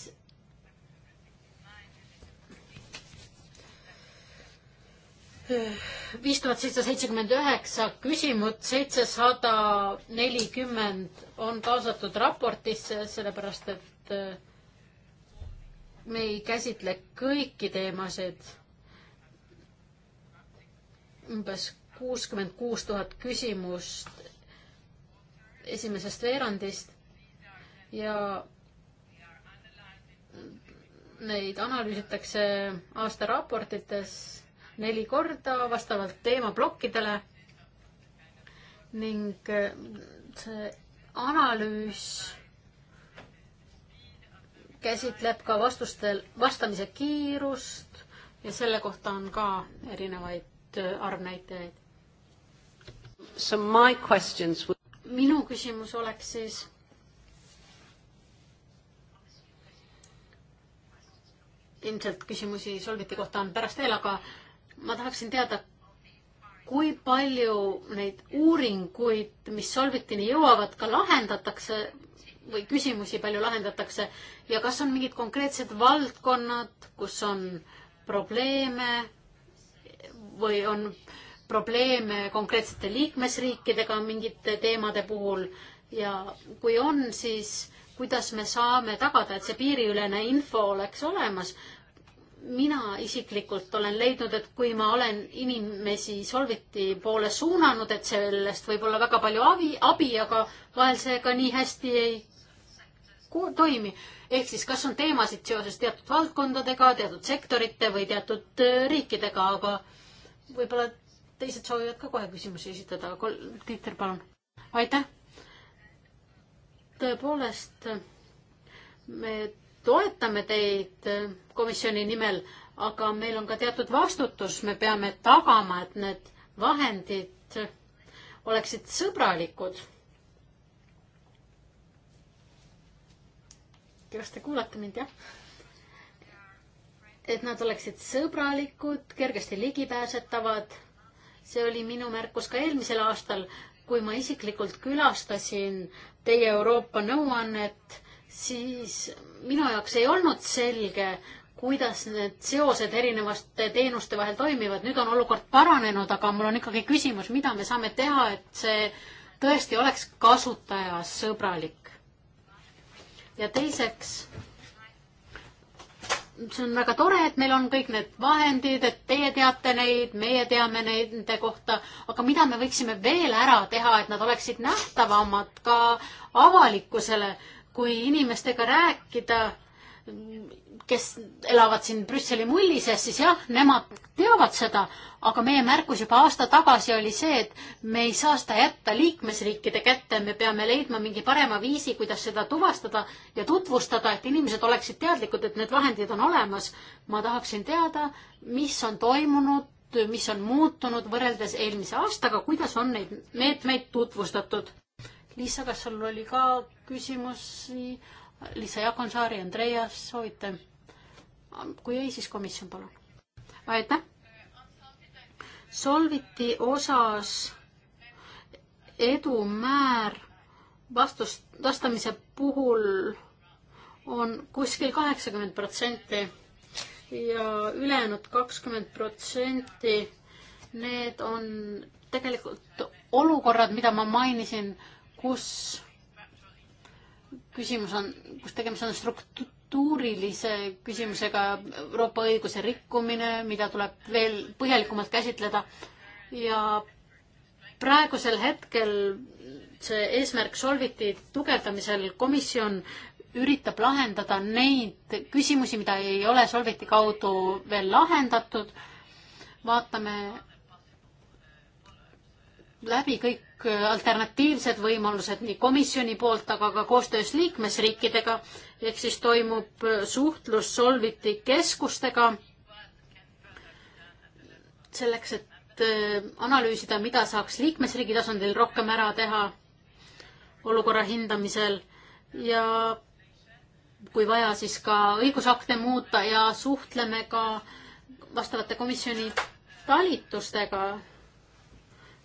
viis tuhat seitsesada seitsekümmend üheksa küsimut, seitsesada nelikümmend on kaasatud raportisse, sellepärast et äh, me ei käsitle kõiki teemasid. umbes kuuskümmend kuus tuhat küsimust esimesest veerandist ja neid analüüsitakse aastaraportites neli korda vastavalt teemaplokkidele ning see analüüs käsitleb ka vastustel, vastamise kiirust ja selle kohta on ka erinevaid äh, arvnäitajaid. minu küsimus oleks siis ilmselt küsimusi Solviti kohta on pärast veel, aga ma tahaksin teada, kui palju neid uuringuid, mis Solvitini jõuavad, ka lahendatakse või küsimusi palju lahendatakse ja kas on mingid konkreetsed valdkonnad, kus on probleeme või on probleeme konkreetsete liikmesriikidega mingite teemade puhul ja kui on, siis kuidas me saame tagada, et see piiriülene info oleks olemas, mina isiklikult olen leidnud, et kui ma olen inimesi Solviti poole suunanud, et sellest võib olla väga palju abi, abi, aga vahel see ka nii hästi ei toimi. ehk siis, kas on teemasid seoses teatud valdkondadega, teatud sektorite või teatud äh, riikidega, aga võib-olla teised soovivad ka kohe küsimusi esitada. Tiiter, palun. aitäh. tõepoolest, me toetame teid äh, komisjoni nimel, aga meil on ka teatud vastutus, me peame tagama, et need vahendid oleksid sõbralikud kas te kuulate mind, jah? et nad oleksid sõbralikud, kergesti ligipääsetavad. see oli minu märkus ka eelmisel aastal, kui ma isiklikult külastasin teie Euroopa nõuannet, siis minu jaoks ei olnud selge, kuidas need seosed erinevate teenuste vahel toimivad. nüüd on olukord paranenud, aga mul on ikkagi küsimus, mida me saame teha, et see tõesti oleks kasutajasõbralik ja teiseks, see on väga tore, et meil on kõik need vahendid, et teie teate neid, meie teame neid, nende kohta, aga mida me võiksime veel ära teha, et nad oleksid nähtavamad ka avalikkusele, kui inimestega rääkida kes elavad siin Brüsseli mullises, siis jah, nemad teavad seda, aga meie märkus juba aasta tagasi oli see, et me ei saa seda jätta liikmesriikide kätte, me peame leidma mingi parema viisi, kuidas seda tuvastada ja tutvustada, et inimesed oleksid teadlikud, et need vahendid on olemas. ma tahaksin teada, mis on toimunud, mis on muutunud võrreldes eelmise aastaga, kuidas on neid meetmeid tutvustatud. Liisa, kas sul oli ka küsimusi? Liisa Jakonsaari, Andreas, soovite? kui ei, siis komisjon, palun. aitäh. Solviti osas edumäär vastust, vastamise puhul on kuskil kaheksakümmend protsenti ja ülejäänud kakskümmend protsenti, need on tegelikult olukorrad, mida ma mainisin, kus küsimus on, kus tegemist on struktu-, kultuurilise küsimusega Euroopa õiguse rikkumine, mida tuleb veel põhjalikumalt käsitleda ja praegusel hetkel see eesmärk Solviti tugevdamisel komisjon üritab lahendada neid küsimusi, mida ei ole Solviti kaudu veel lahendatud. vaatame läbi kõik äh, alternatiivsed võimalused nii komisjoni poolt, aga ka koostöös liikmesriikidega, ehk siis toimub äh, suhtlus Solviti keskustega selleks, et äh, analüüsida, mida saaks liikmesriigi tasandil rohkem ära teha olukorra hindamisel ja kui vaja, siis ka õigusakte muuta ja suhtleme ka vastavate komisjoni talitustega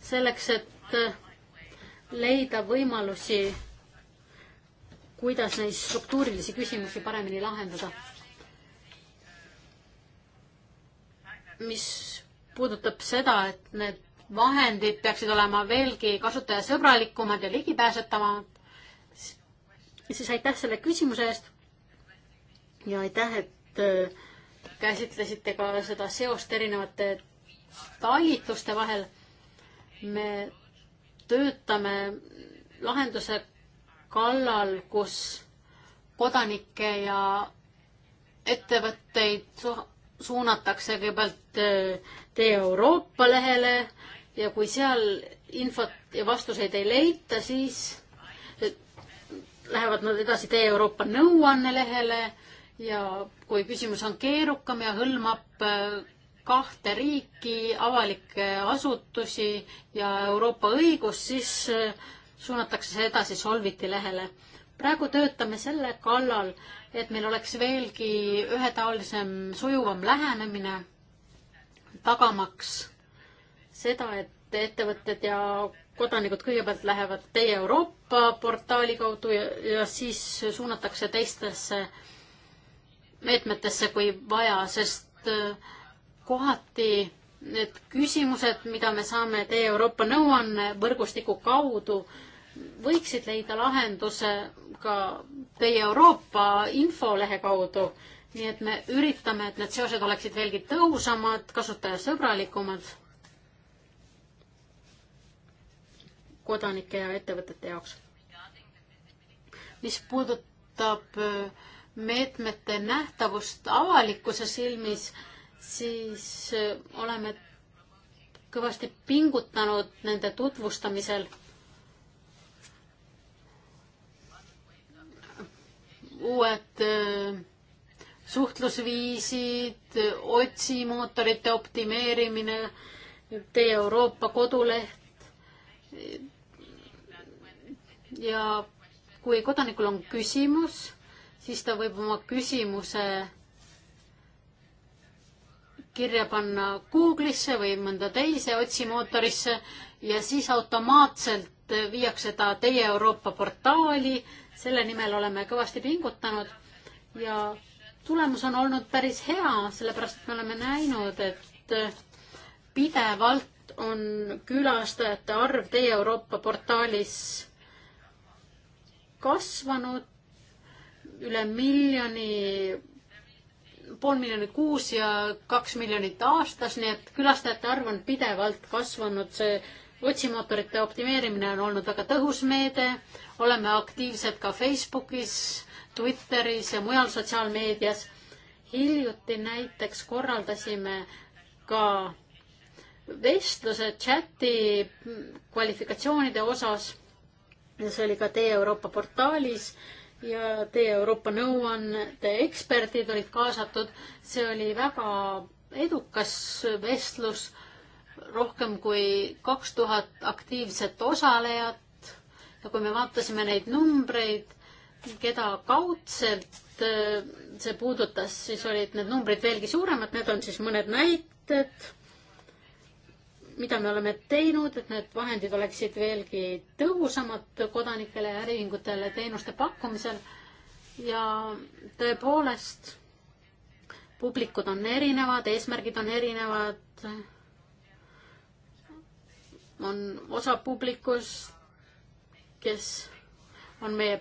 selleks, et leida võimalusi, kuidas neid struktuurilisi küsimusi paremini lahendada. mis puudutab seda, et need vahendid peaksid olema veelgi kasutajasõbralikumad ja ligipääsetavamad, siis aitäh selle küsimuse eest ja aitäh, et äh, käsitlesite ka seda seost erinevate talitluste vahel me töötame lahenduse kallal, kus kodanikke ja ettevõtteid su suunatakse kõigepealt eh, Tee Euroopa lehele ja kui seal infot ja vastuseid ei leita, siis eh, lähevad nad edasi Tee Euroopa nõuanne lehele ja kui küsimus on keerukam ja hõlmab eh, kahte riiki, avalikke asutusi ja Euroopa õigust, siis äh, suunatakse see edasi Solviti lehele. praegu töötame selle kallal, et meil oleks veelgi ühetaolisem, sujuvam lähenemine, tagamaks seda, et ettevõtted ja kodanikud kõigepealt lähevad Teie Euroopa portaali kaudu ja, ja siis suunatakse teistesse meetmetesse, kui vaja, sest äh, kohati need küsimused, mida me saame Tee Euroopa nõuanne võrgustiku kaudu, võiksid leida lahenduse ka Teie Euroopa infolehe kaudu. nii et me üritame, et need seosed oleksid veelgi tõhusamad, kasutajasõbralikumad kodanike ja ettevõtete jaoks. mis puudutab meetmete nähtavust avalikkuse silmis, siis äh, oleme kõvasti pingutanud nende tutvustamisel. uued äh, suhtlusviisid, otsimootorite optimeerimine, Teie Euroopa koduleht. ja kui kodanikul on küsimus, siis ta võib oma küsimuse kirja panna Google'isse või mõnda teise otsimootorisse ja siis automaatselt viiakse ta Teie Euroopa portaali. selle nimel oleme kõvasti pingutanud ja tulemus on olnud päris hea, sellepärast et me oleme näinud, et pidevalt on külastajate arv Teie Euroopa portaalis kasvanud üle miljoni pool miljonit kuus ja kaks miljonit aastas, nii et külastajate arv on pidevalt kasvanud, see otsimootorite optimeerimine on olnud väga tõhus meede, oleme aktiivsed ka Facebookis, Twitteris ja mujal sotsiaalmeedias. hiljuti näiteks korraldasime ka vestluse chati kvalifikatsioonide osas ja see oli ka Tee Euroopa portaalis ja teie Euroopa Nõuannete eksperdid olid kaasatud. see oli väga edukas vestlus, rohkem kui kaks tuhat aktiivset osalejat. ja kui me vaatasime neid numbreid, keda kaudselt äh, see puudutas, siis olid need numbrid veelgi suuremad, need on siis mõned näited mida me oleme teinud, et need vahendid oleksid veelgi tõhusamad kodanikele ja äriühingutele teenuste pakkumisel. ja tõepoolest, publikud on erinevad, eesmärgid on erinevad. on osa publikust, kes on meie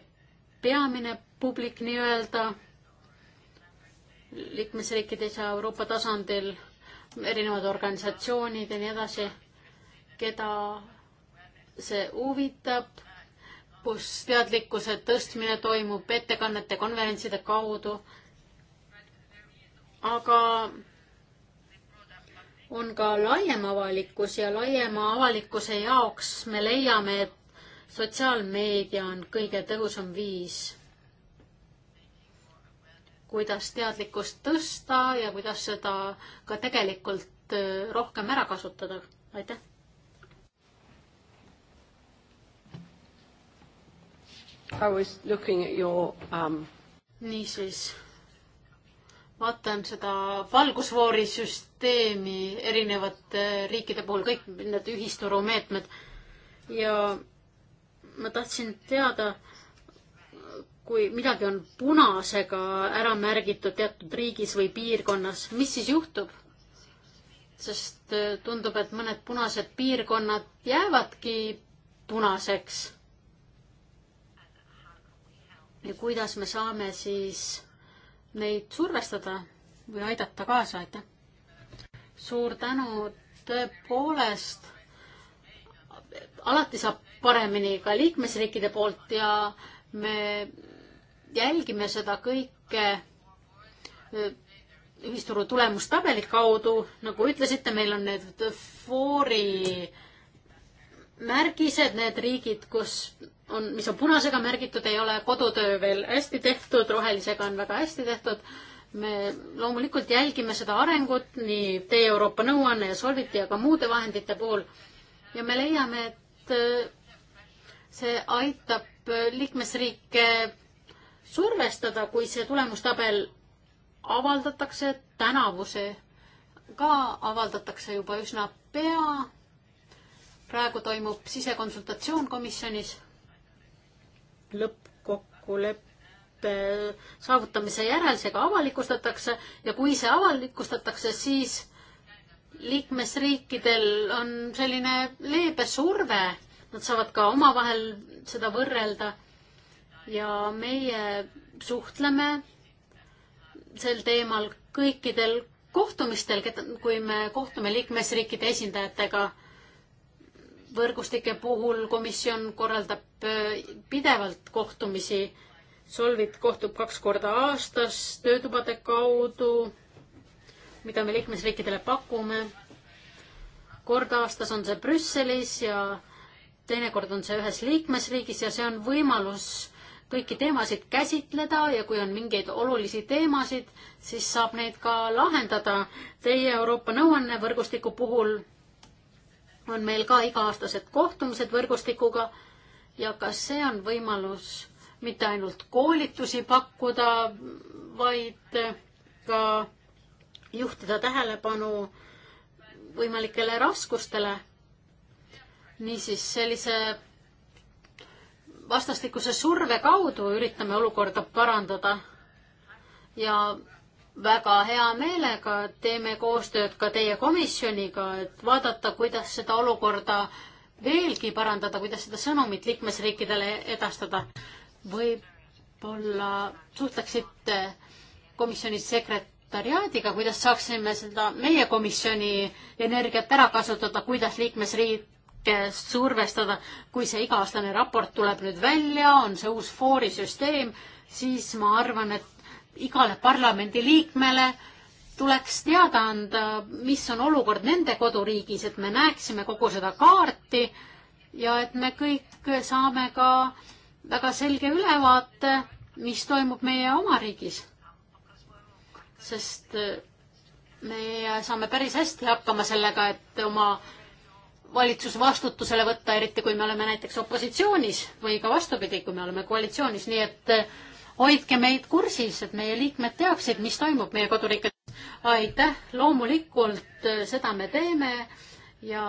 peamine publik nii-öelda liikmesriikides ja Euroopa tasandil erinevad organisatsioonid ja nii edasi, keda see huvitab, kus teadlikkuse tõstmine toimub ettekannete, konverentside kaudu. aga on ka laiem avalikkus ja laiema avalikkuse jaoks me leiame, et sotsiaalmeedia on kõige tõhusam viis kuidas teadlikkust tõsta ja kuidas seda ka tegelikult äh, rohkem ära kasutada. aitäh! I was looking at your um... niisiis, vaatan seda valgusfoorisüsteemi erinevate riikide puhul, kõik need ühisturumeetmed ja ma tahtsin teada, kui midagi on punasega ära märgitud teatud riigis või piirkonnas, mis siis juhtub? sest äh, tundub, et mõned punased piirkonnad jäävadki punaseks. ja kuidas me saame siis neid survestada või aidata kaasa, aitäh! suur tänu, tõepoolest alati saab paremini ka liikmesriikide poolt ja me jälgime seda kõike ühisturu tulemustabeli kaudu, nagu ütlesite, meil on need foori märgised, need riigid, kus on, mis on punasega märgitud, ei ole kodutöö veel hästi tehtud, rohelisega on väga hästi tehtud. me loomulikult jälgime seda arengut nii Tee Euroopa nõuanne ja Solviti ja ka muude vahendite puhul ja me leiame, et see aitab liikmesriike survestada, kui see tulemustabel avaldatakse tänavuse, ka avaldatakse juba üsna pea. praegu toimub sisekonsultatsioon komisjonis. lõppkokkuleppe saavutamise järel see ka avalikustatakse ja kui see avalikustatakse, siis liikmesriikidel on selline leebe surve, nad saavad ka omavahel seda võrrelda ja meie suhtleme sel teemal kõikidel kohtumistel, kui me kohtume liikmesriikide esindajatega. võrgustike puhul komisjon korraldab äh, pidevalt kohtumisi. Solvit kohtub kaks korda aastas töötubade kaudu, mida me liikmesriikidele pakume. kord aastas on see Brüsselis ja teinekord on see ühes liikmesriigis ja see on võimalus kõiki teemasid käsitleda ja kui on mingeid olulisi teemasid, siis saab neid ka lahendada. Teie Euroopa nõuanne võrgustiku puhul on meil ka iga-aastased kohtumised võrgustikuga ja kas see on võimalus mitte ainult koolitusi pakkuda, vaid ka juhtida tähelepanu võimalikele raskustele. niisiis sellise vastastikuse surve kaudu üritame olukorda parandada ja väga hea meelega teeme koostööd ka teie komisjoniga, et vaadata, kuidas seda olukorda veelgi parandada, kuidas seda sõnumit liikmesriikidele edastada. võib-olla suhtleksite komisjoni sekretariaadiga, kuidas saaksime seda meie komisjoni energiat ära kasutada, kuidas liikmesriik survestada, kui see iga-aastane raport tuleb nüüd välja, on see uus foori süsteem, siis ma arvan, et igale parlamendiliikmele tuleks teada anda, mis on olukord nende koduriigis, et me näeksime kogu seda kaarti ja et me kõik saame ka väga selge ülevaate, mis toimub meie oma riigis. sest me saame päris hästi hakkama sellega, et oma valitsus vastutusele võtta, eriti kui me oleme näiteks opositsioonis või ka vastupidi, kui me oleme koalitsioonis, nii et eh, hoidke meid kursis, et meie liikmed teaksid, mis toimub meie koduriikides. aitäh, loomulikult eh, seda me teeme ja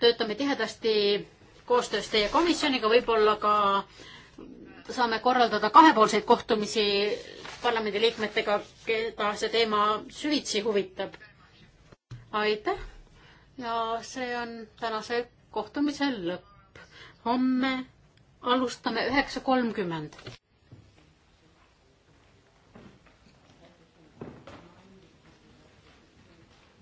töötame tihedasti koostöös teie komisjoniga, võib-olla ka saame korraldada kahepoolseid kohtumisi parlamendiliikmetega, keda see teema süvitsi huvitab. aitäh ja see on tänase kohtumise lõpp. homme alustame üheksa kolmkümmend.